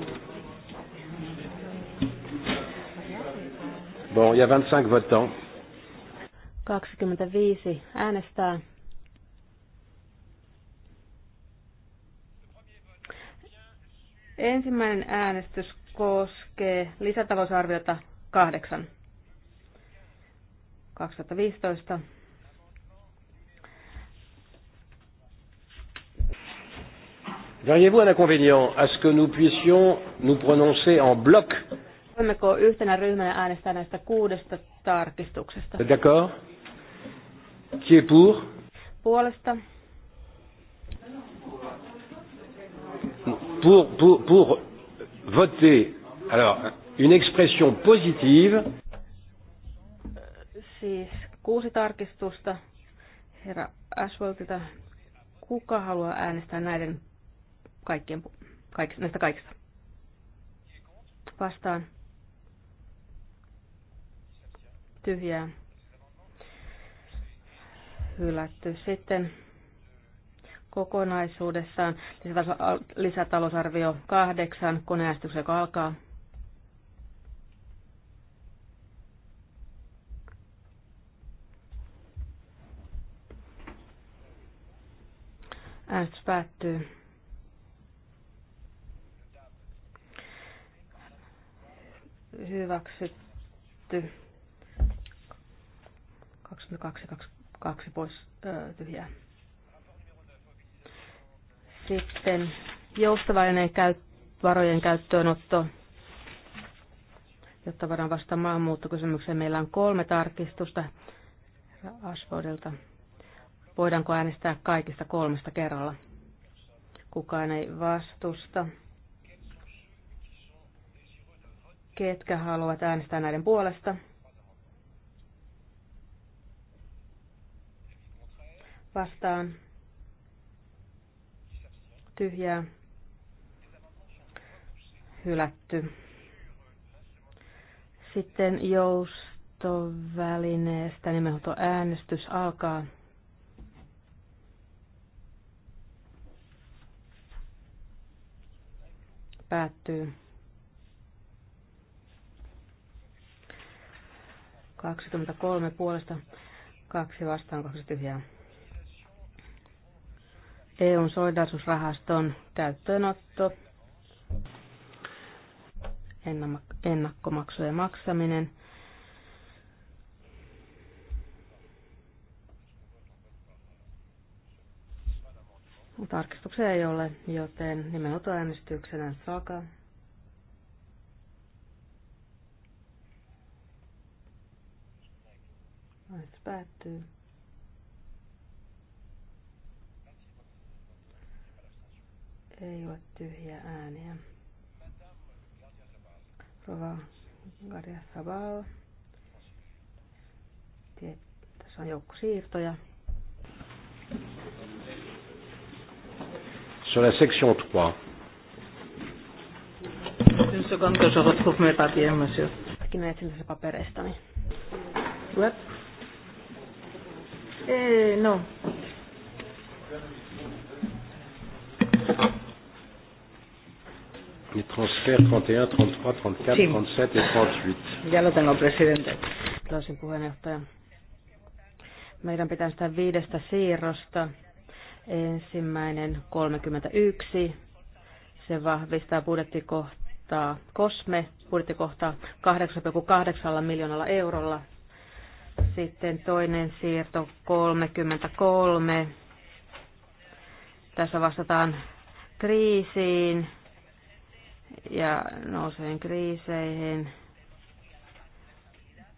Bon, il y a 25 votants. 25 äänestää. Ensimmäinen äänestys koskee lisätalousarviota 8 2015. Verriez-vous un inconvénient à ce que nous puissions nous prononcer en bloc D'accord. Qui est pour? Puolesta. Pour, pour, pour, voter alors une expression positive. Siis kuusi tarkistusta. Herra Ashworthilta, kuka haluaa äänestää näiden kaikkien, kaik, näistä kaikista? Vastaan. Tyhjää. Hylätty. Sitten kokonaisuudessaan. Siis lisätalousarvio kahdeksan, koneäästys, joka alkaa. Äänestys päättyy. Hyväksytty. 22, 22 pois äh, tyhjää. Sitten joustavainen varojen käyttöönotto, jotta voidaan vastata maahanmuuttokysymykseen. Meillä on kolme tarkistusta Ashfordilta. Voidaanko äänestää kaikista kolmesta kerralla? Kukaan ei vastusta. Ketkä haluavat äänestää näiden puolesta? Vastaan tyhjää hylätty. Sitten joustovälineestä nimenhoito äänestys alkaa. Päättyy. 23 puolesta, kaksi vastaan, kaksi tyhjää. EUn solidarisuusrahaston käyttöönotto, ennakkomaksujen maksaminen, Tarkistuksia ei ole, joten nimenhuuto äänestyksenä saaka. Äänestys päättyy. ei ole tyhjiä ääniä. Rova Garja Sabal. tässä on joukko siirtoja. Sur la section 3. Une seconde que je retrouve mes papiers, monsieur. Minä etsin tässä papereistani. Eh, no. Les transferts 31, 33, 34, sí. 37 ja 38. Ya lo tengo, presidente. Klausin puheenjohtaja. Meidän pitää sitä viidestä siirrosta. Ensimmäinen 31. Se vahvistaa budjettikohtaa COSME, budjettikohtaa 8,8 miljoonalla eurolla. Sitten toinen siirto 33. Tässä vastataan kriisiin ja nouseen kriiseihin.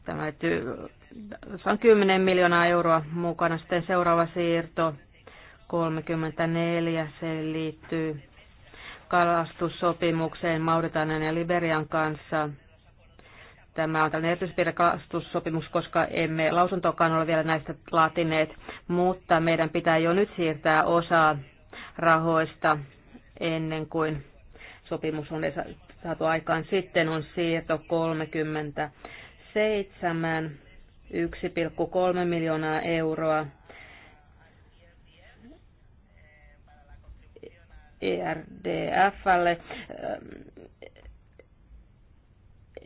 Tämä ty on 10 miljoonaa euroa mukana. Sitten seuraava siirto 34, se liittyy kalastussopimukseen Mauritanian ja Liberian kanssa. Tämä on tällainen erityispiirre kalastussopimus, koska emme lausuntokaan ole vielä näistä laatineet, mutta meidän pitää jo nyt siirtää osa rahoista ennen kuin sopimus on saatu aikaan. Sitten on siirto 37, 1,3 miljoonaa euroa ERDFlle, ähm,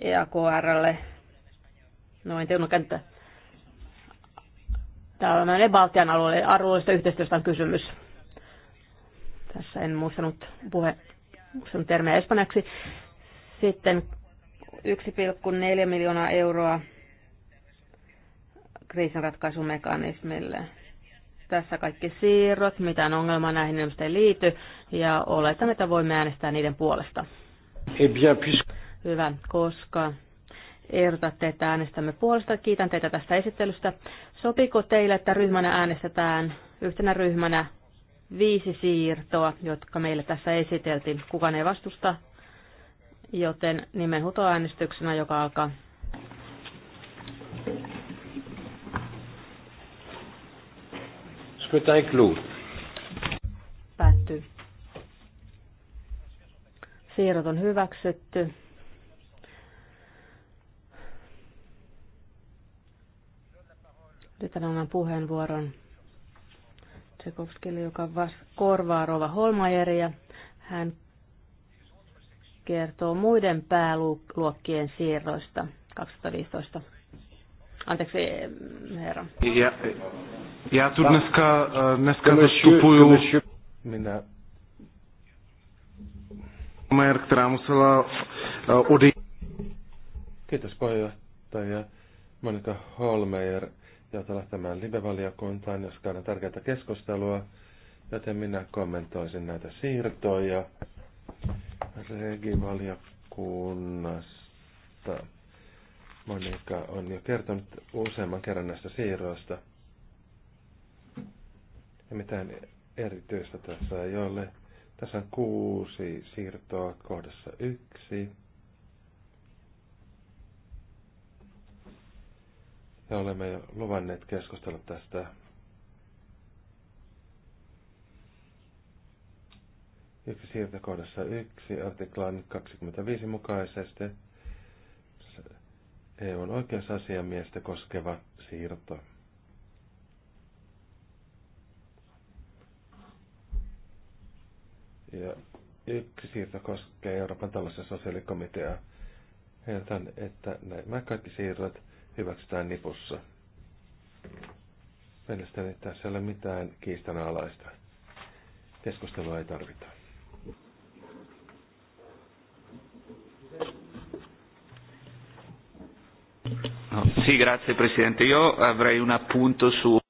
EAKRlle, noin teunokenttä. Tällainen Baltian alueelle arvoista yhteistyöstä on kysymys. Tässä en muistanut puhe, se on termiä espanjaksi. Sitten 1,4 miljoonaa euroa kriisinratkaisumekanismille. Tässä kaikki siirrot, mitään ongelmaa näihin ilmeisesti ei liity, ja oletan, että voimme äänestää niiden puolesta. Eh Hyvä, koska ehdotatte, että äänestämme puolesta. Kiitän teitä tästä esittelystä. Sopiko teille, että ryhmänä äänestetään yhtenä ryhmänä viisi siirtoa, jotka meille tässä esiteltiin. Kukaan ei vastusta, joten nimenhuutoäänestyksenä, joka alkaa. Scrutin clos. Päättyy. Siirrot on hyväksytty. Nyt annan puheenvuoron Tsekovskille, joka korvaa Rova Holmajeria. Hän kertoo muiden pääluokkien siirroista 2015. Anteeksi, herra. Ja, ja tu dneska, e, dneska zastupuju... Minä... Majer, která musela e, odejít. Kiitos puheenjohtaja Monika Holmeier joutuu lähtemään live-valiokuntaan, jos käydään tärkeää keskustelua, joten minä kommentoisin näitä siirtoja regivaliokunnasta. Monika on jo kertonut useamman kerran näistä siirroista. Ja mitään erityistä tässä ei ole. Tässä on kuusi siirtoa kohdassa yksi. ja olemme jo luvanneet keskustella tästä. Yksi siirtokohdassa yksi artiklan 25 mukaisesti EUn oikeusasiamiestä koskeva siirto. Ja yksi siirto koskee Euroopan talous- ja sosiaalikomitea. Ehdotan, että nämä kaikki siirrot hyväksytään nipussa. Mielestäni tässä ei ole mitään kiistanalaista. Keskustelua ei tarvita. No, sì, grazie Presidente. Io avrei un appunto su...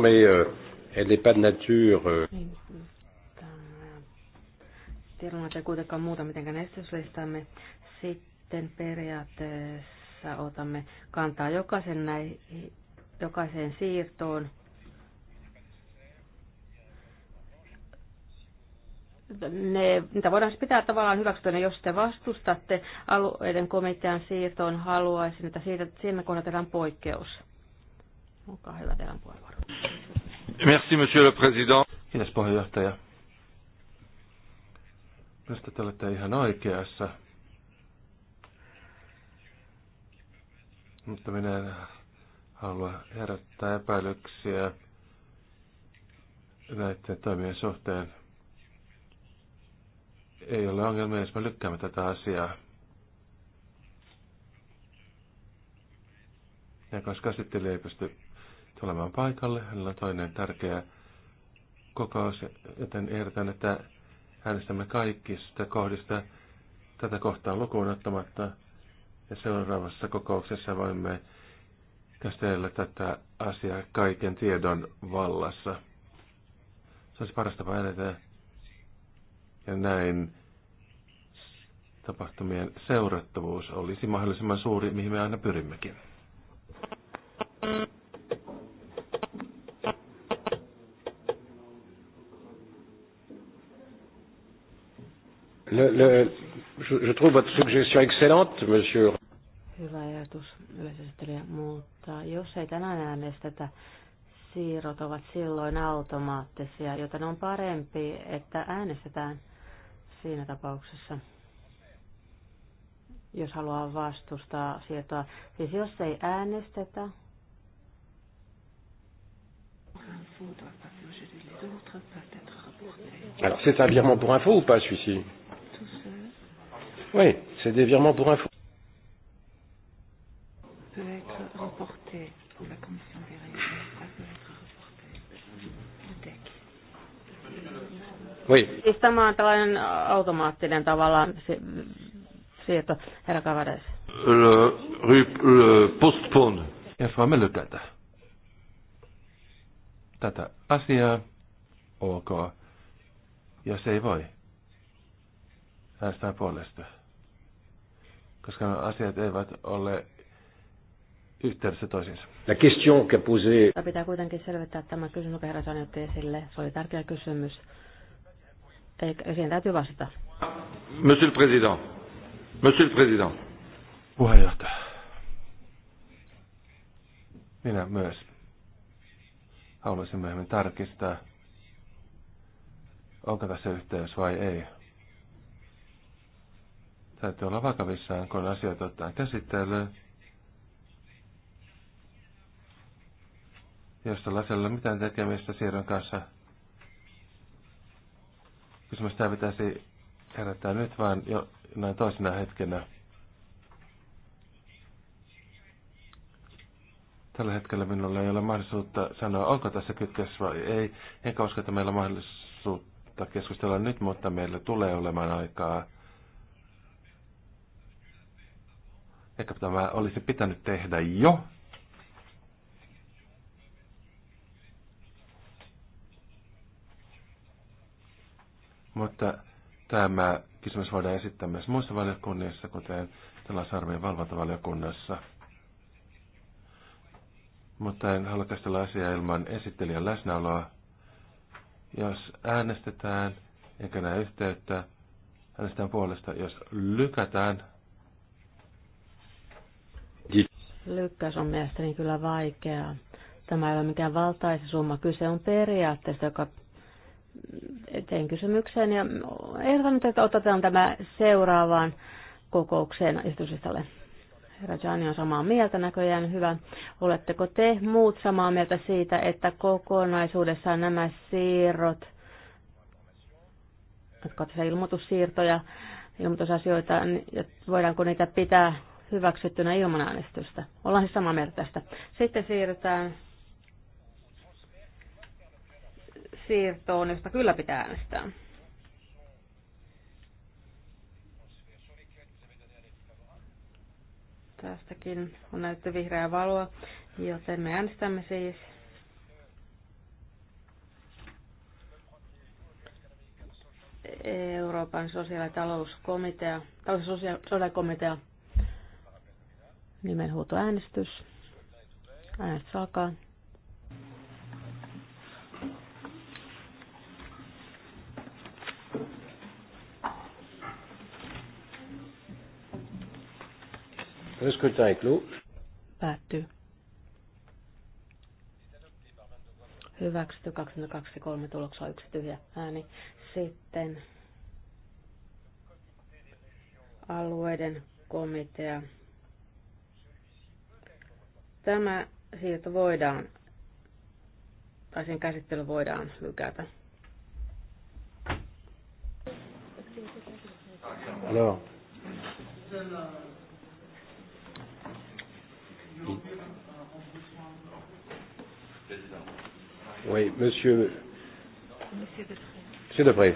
mais euh, elle n'est pas de nature. Euh... Ne, niitä voidaan siis pitää tavallaan hyväksytynä, jos te vastustatte alueiden komitean siirtoon, haluaisin, että siitä, siinä kohdalla tehdään poikkeus Olkaa hyvä teidän puheenvuoro. Merci, monsieur le président. Kiitos puheenjohtaja. Mistä te olette ihan oikeassa? Mutta minä en halua herättää epäilyksiä näiden toimien suhteen. Ei ole ongelmia, jos me lykkäämme tätä asiaa. Ja koska sitten ei pysty tulemaan paikalle. Hänellä on toinen tärkeä kokous, joten ehdotan, että äänestämme kaikista kohdista tätä kohtaa lukuun ottamatta. Ja seuraavassa kokouksessa voimme käsitellä tätä asiaa kaiken tiedon vallassa. Se olisi paras tapa Ja näin tapahtumien seurattavuus olisi mahdollisimman suuri, mihin me aina pyrimmekin. Le, le, je, je trouve votre suggestion excellente, monsieur. Hyvä ajatus yleisöstelijä. mutta jos ei tänään äänestetä, siirrot ovat silloin automaattisia, joten on parempi, että äänestetään siinä tapauksessa, jos haluaa vastustaa siirtoa. Siis jos ei äänestetä, Alors, c'est un virement pour info ou pas celui-ci Oui, c'est des virements pour info. Oui. Siis tämä on tällainen automaattinen tavallaan se, siirto, herra Kavades. Le, le postpone. Ja me lykätä. Tätä asiaa. Ok. Jos ei voi, äänestää puolesta koska nämä asiat eivät ole yhteydessä toisiinsa. La question que posé... Pitää kuitenkin selvittää tämä kysymys, joka herra Sani esille. Se oli tärkeä kysymys. Eikä, siihen täytyy vastata. Monsieur le Président. Monsieur le Président. Puheenjohtaja. Minä myös. Haluaisin myöhemmin tarkistaa, onko tässä yhteys vai ei. Täytyy olla vakavissaan, kun asioita ottaa käsittelyyn. Jos tällaisella ei mitään tekemistä siirron kanssa, kysymys tämä pitäisi herättää nyt, vaan jo näin toisena hetkenä. Tällä hetkellä minulla ei ole mahdollisuutta sanoa, onko tässä kytkessä vai ei. Enkä usko, että meillä on mahdollisuutta keskustella nyt, mutta meillä tulee olemaan aikaa Ehkä tämä olisi pitänyt tehdä jo. Mutta tämä kysymys voidaan esittää myös muissa valiokunnissa, kuten talousarvion valvontavaliokunnassa. Mutta en halua käsitellä asiaa ilman esittelijän läsnäoloa. Jos äänestetään, enkä näe yhteyttä, äänestetään puolesta. Jos lykätään, lykkäys on mielestäni kyllä vaikeaa. Tämä ei ole mikään valtaisa summa. Kyse on periaatteesta, joka tein kysymykseen ja ehdotan nyt, että otetaan tämä seuraavaan kokoukseen istusistalle. Herra Gianni on samaa mieltä näköjään. Hyvä. Oletteko te muut samaa mieltä siitä, että kokonaisuudessaan nämä siirrot, jotka ovat ilmoitussiirtoja, ilmoitusasioita, niin voidaanko niitä pitää hyväksyttynä ilman äänestystä. Ollaan siis samaa mieltä tästä. Sitten siirrytään siirtoon, josta kyllä pitää äänestää. Tästäkin on näytetty vihreää valoa, joten me äänestämme siis Euroopan sosiaali- ja talouskomitea, sosiaali- ja Nimenhuutoäänestys. Äänestys alkaa. Päättyy. Hyväksytty 22.3 tuloksella yksi tyhjä ääni. Sitten alueiden komitea Tämä siirto voidaan, tai sen käsittely voidaan lykätä. Joo. Oui, monsieur. Monsieur Depré.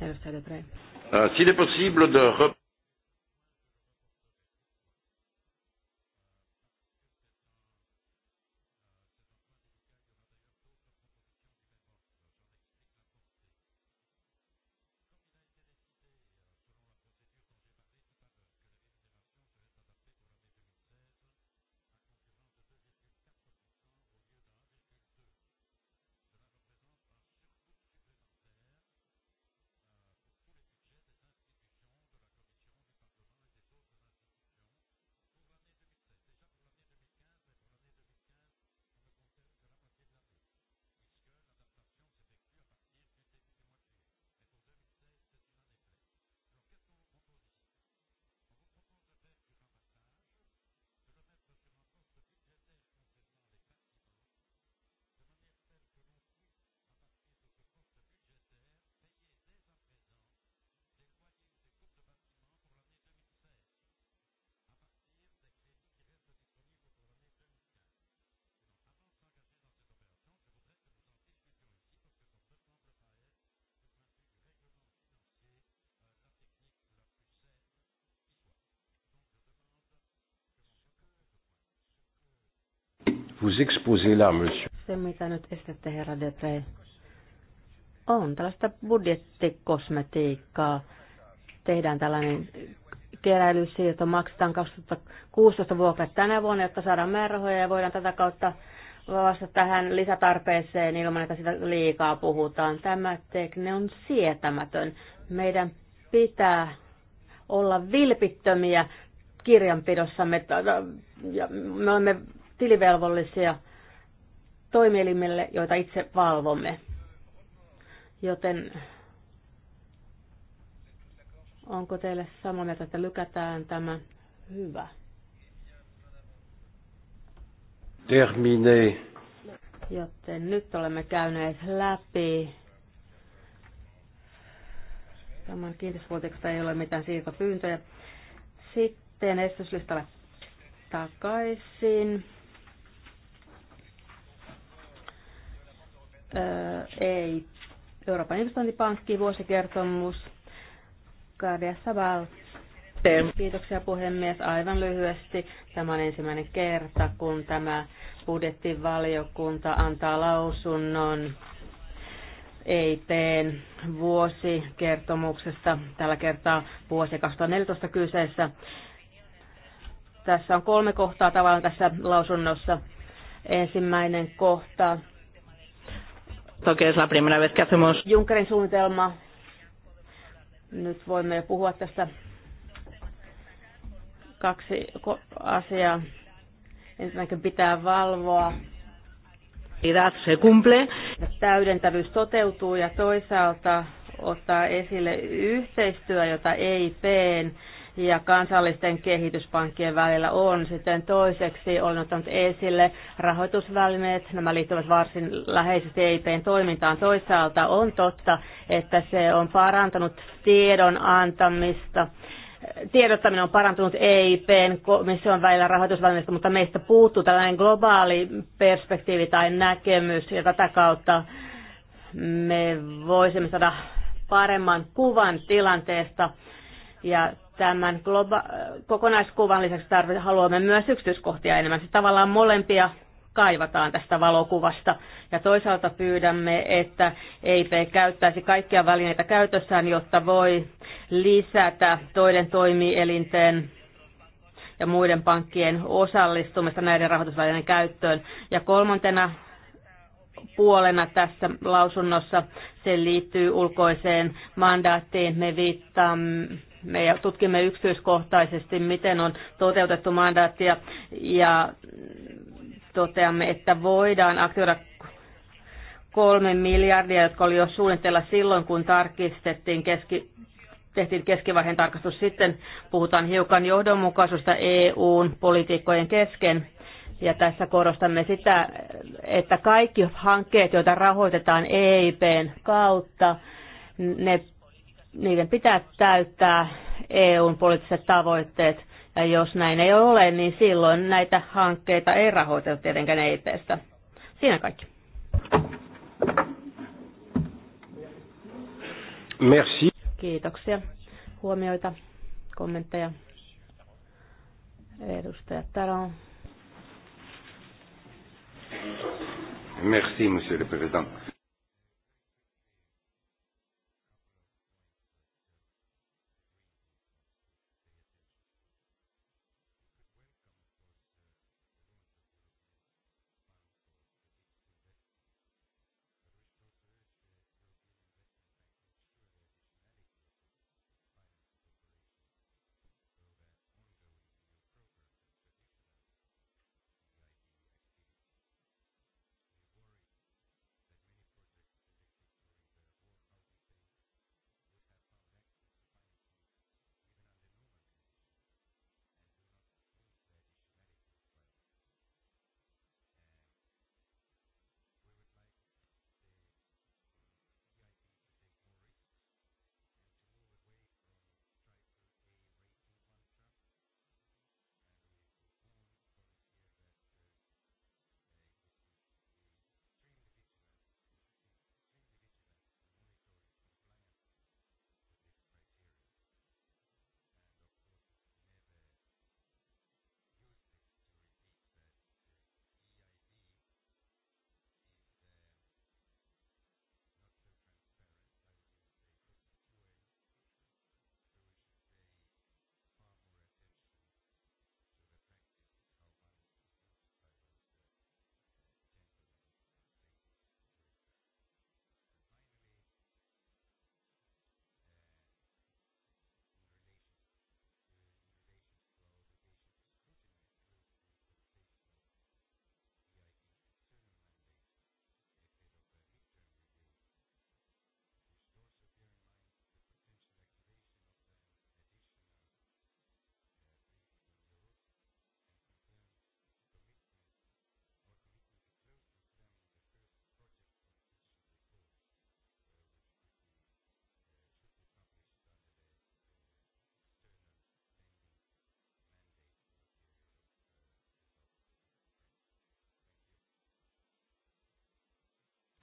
Monsieur Euh, S'il est possible de vous exposez là, monsieur. Se, mitä nyt estätte, herra Depre, on tällaista budjettikosmetiikkaa. Tehdään tällainen keräilysiirto, maksetaan 2016 vuokra tänä vuonna, jotta saadaan määrärahoja ja voidaan tätä kautta vastata tähän lisätarpeeseen ilman, että sitä liikaa puhutaan. Tämä tekne on sietämätön. Meidän pitää olla vilpittömiä kirjanpidossamme. Ja me olemme tilivelvollisia toimielimille, joita itse valvomme. Joten onko teille samaa mieltä, että lykätään tämä hyvä? Termine. Joten nyt olemme käyneet läpi. Tämän kiinteistövuoteksesta ei ole mitään siirtopyyntöjä. Sitten esityslistalle takaisin. ei Euroopan investointipankki vuosikertomus. Gardia Sabal. Kiitoksia puhemies. Aivan lyhyesti. Tämä on ensimmäinen kerta, kun tämä budjettivaliokunta antaa lausunnon EIPn vuosikertomuksesta. Tällä kertaa vuosi 2014 kyseessä. Tässä on kolme kohtaa tavallaan tässä lausunnossa. Ensimmäinen kohta Toki es la primera vez que hacemos... Junckerin suunnitelma. Nyt voimme jo puhua tästä kaksi asiaa. Ensinnäkin pitää valvoa. Se cumple. Täydentävyys toteutuu ja toisaalta ottaa esille yhteistyö, jota ei tee ja kansallisten kehityspankkien välillä on. Sitten toiseksi olen ottanut esille rahoitusvälineet. Nämä liittyvät varsin läheisesti EIPn toimintaan. Toisaalta on totta, että se on parantanut tiedon antamista tiedottaminen on parantunut EIPn komission välillä rahoitusvälineistä, mutta meistä puuttuu tällainen globaali perspektiivi tai näkemys, ja tätä kautta me voisimme saada paremman kuvan tilanteesta ja tämän globa- kokonaiskuvan lisäksi tarvita, haluamme myös yksityiskohtia enemmän. Se siis tavallaan molempia kaivataan tästä valokuvasta. Ja toisaalta pyydämme, että EIP käyttäisi kaikkia välineitä käytössään, jotta voi lisätä toiden toimielinten ja muiden pankkien osallistumista näiden rahoitusvälineiden käyttöön. Ja kolmantena puolena tässä lausunnossa se liittyy ulkoiseen mandaattiin. Me viittaamme me tutkimme yksityiskohtaisesti, miten on toteutettu mandaattia ja toteamme, että voidaan aktivoida kolme miljardia, jotka oli jo suunnitella silloin, kun tarkistettiin keski, tehtiin keskivaiheen tarkastus. Sitten puhutaan hiukan johdonmukaisuudesta EUn politiikkojen kesken. Ja tässä korostamme sitä, että kaikki hankkeet, joita rahoitetaan EIPn kautta, ne niiden pitää täyttää EUn poliittiset tavoitteet, ja jos näin ei ole, niin silloin näitä hankkeita ei rahoiteta tietenkään EIPstä. Siinä kaikki. Merci. Kiitoksia. Huomioita, kommentteja. Edustaja Taro. Merci, monsieur le président.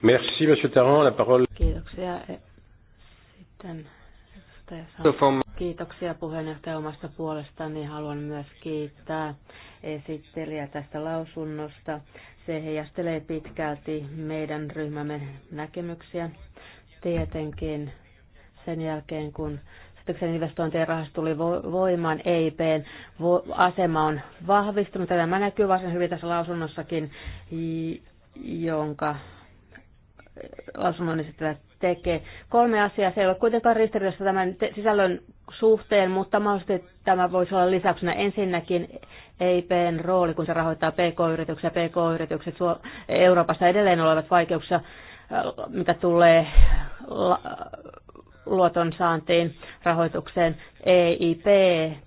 Merci, M. Tarrant. La parole... Kiitoksia. E, sitten Kiitoksia puheenjohtaja omasta puolestani. Haluan myös kiittää esittelijä tästä lausunnosta. Se heijastelee pitkälti meidän ryhmämme näkemyksiä. Tietenkin sen jälkeen, kun Sitten investointien rahasto tuli voimaan, EIPn asema on vahvistunut. Tämä näkyy varsin hyvin tässä lausunnossakin, jonka lausunnon niin esittävät tekee. Kolme asiaa. Se ei ole kuitenkaan ristiriidassa tämän sisällön suhteen, mutta mahdollisesti tämä voisi olla lisäyksenä ensinnäkin EIPn rooli, kun se rahoittaa PK-yrityksiä. PK-yritykset Euroopassa edelleen olevat vaikeuksia, äh, mitä tulee luoton saantiin rahoitukseen. EIP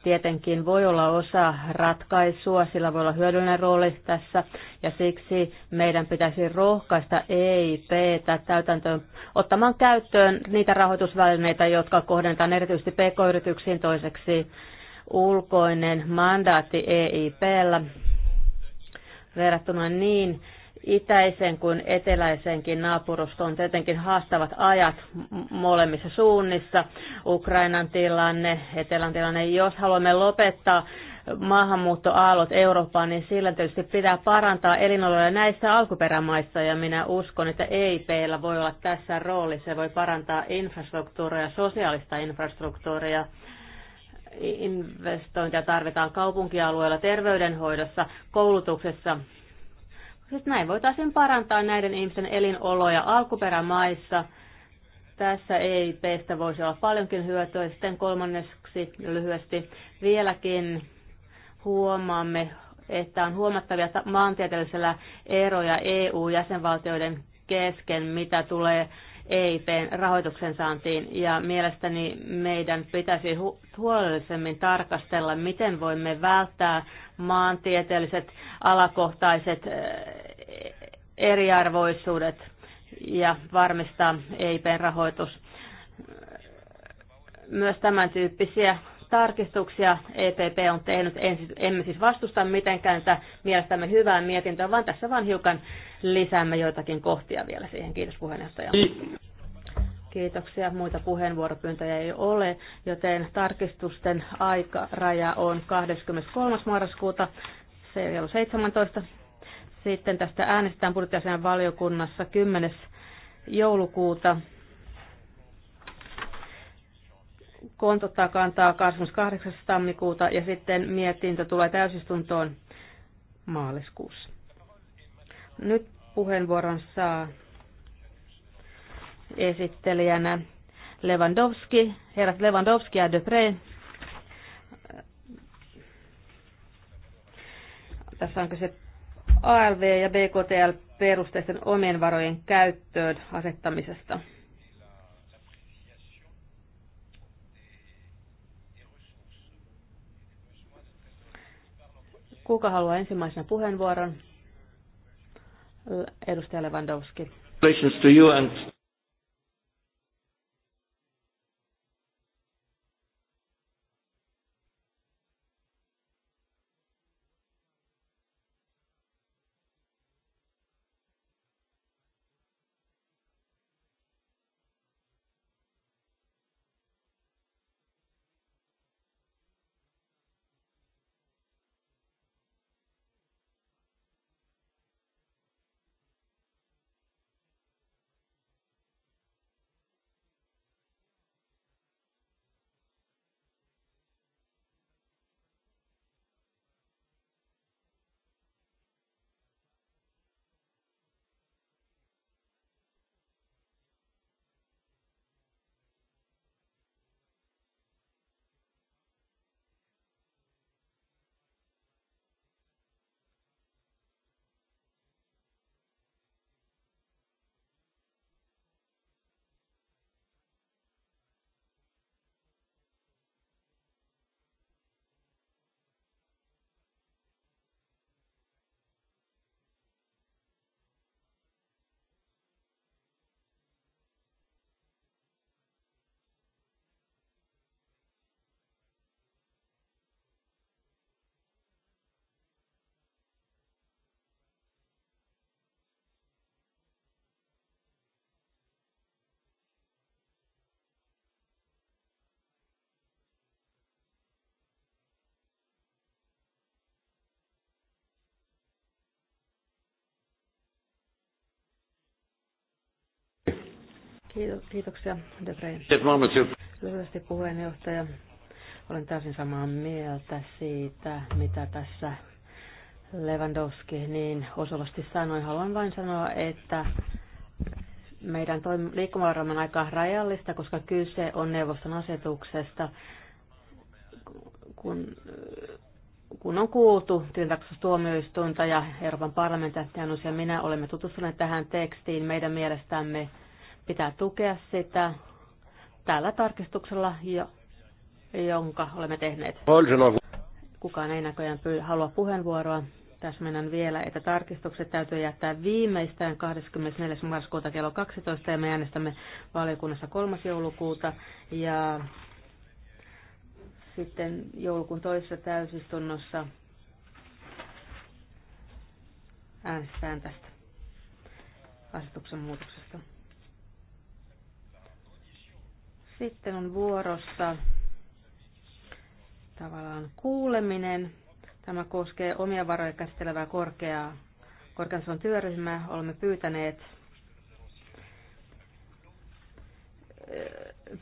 tietenkin voi olla osa ratkaisua, sillä voi olla hyödyllinen rooli tässä ja siksi meidän pitäisi rohkaista EIPtä täytäntöön ottamaan käyttöön niitä rahoitusvälineitä, jotka kohdentaa erityisesti pk-yrityksiin toiseksi ulkoinen mandaatti EIPllä verrattuna niin, itäisen kuin eteläisenkin naapurustoon tietenkin haastavat ajat molemmissa suunnissa. Ukrainan tilanne, etelän tilanne. Jos haluamme lopettaa maahanmuuttoaalot Eurooppaan, niin sillä tietysti pitää parantaa elinoloja näissä alkuperämaissa, ja minä uskon, että EIPllä voi olla tässä rooli. Se voi parantaa infrastruktuuria, sosiaalista infrastruktuuria, investointia tarvitaan kaupunkialueilla, terveydenhoidossa, koulutuksessa, Siis näin voitaisiin parantaa näiden ihmisten elinoloja alkuperämaissa. Tässä ei peistä voisi olla paljonkin hyötyä. Sitten kolmanneksi lyhyesti vieläkin huomaamme, että on huomattavia maantieteellisellä eroja EU-jäsenvaltioiden kesken, mitä tulee EIPn rahoituksen saantiin ja mielestäni meidän pitäisi huolellisemmin tarkastella, miten voimme välttää maantieteelliset alakohtaiset eriarvoisuudet ja varmistaa EIPn rahoitus. Myös tämän tyyppisiä tarkistuksia EPP on tehnyt. Emme siis vastusta mitenkään tätä mielestämme hyvää mietintöä, vaan tässä vain hiukan lisäämme joitakin kohtia vielä siihen. Kiitos puheenjohtaja. Niin. Kiitoksia. Muita puheenvuoropyyntöjä ei ole, joten tarkistusten aikaraja on 23. marraskuuta, se ei ollut 17. Sitten tästä äänestetään budjettiasian valiokunnassa 10. joulukuuta Konto ottaa kantaa 28. tammikuuta ja sitten mietintö tulee täysistuntoon maaliskuussa. Nyt puheenvuoron saa esittelijänä Lewandowski, herrat Lewandowski ja Depre. Tässä on kyse ALV- ja BKTL-perusteisten omien varojen käyttöön asettamisesta. Kuka haluaa ensimmäisenä puheenvuoron? Edustaja Lewandowski. Kiitos, kiitoksia, Debrein. Lyhyesti puheenjohtaja. Olen täysin samaa mieltä siitä, mitä tässä Lewandowski niin osuvasti sanoi. Haluan vain sanoa, että meidän toim- liikkumavaramme on aika rajallista, koska kyse on neuvoston asetuksesta. Kun, kun on kuultu tuomioistuinta ja Euroopan parlamentin ja minä olemme tutustuneet tähän tekstiin, meidän mielestämme Pitää tukea sitä tällä tarkistuksella, jo, jonka olemme tehneet. Kukaan ei näköjään halua puheenvuoroa. mennään vielä, että tarkistukset täytyy jättää viimeistään 24. marraskuuta kello 12 ja me äänestämme valiokunnassa 3. joulukuuta. Ja sitten joulukuun toisessa täysistunnossa äänestetään tästä asetuksen muutoksesta. Sitten on vuorossa tavallaan kuuleminen. Tämä koskee omia varoja käsittelevää korkeaa korkean työryhmää. Olemme pyytäneet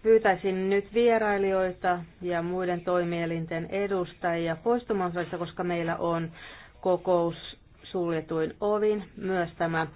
pyytäisin nyt vierailijoita ja muiden toimielinten edustajia poistumaan koska meillä on kokous suljetuin ovin. Myös tämä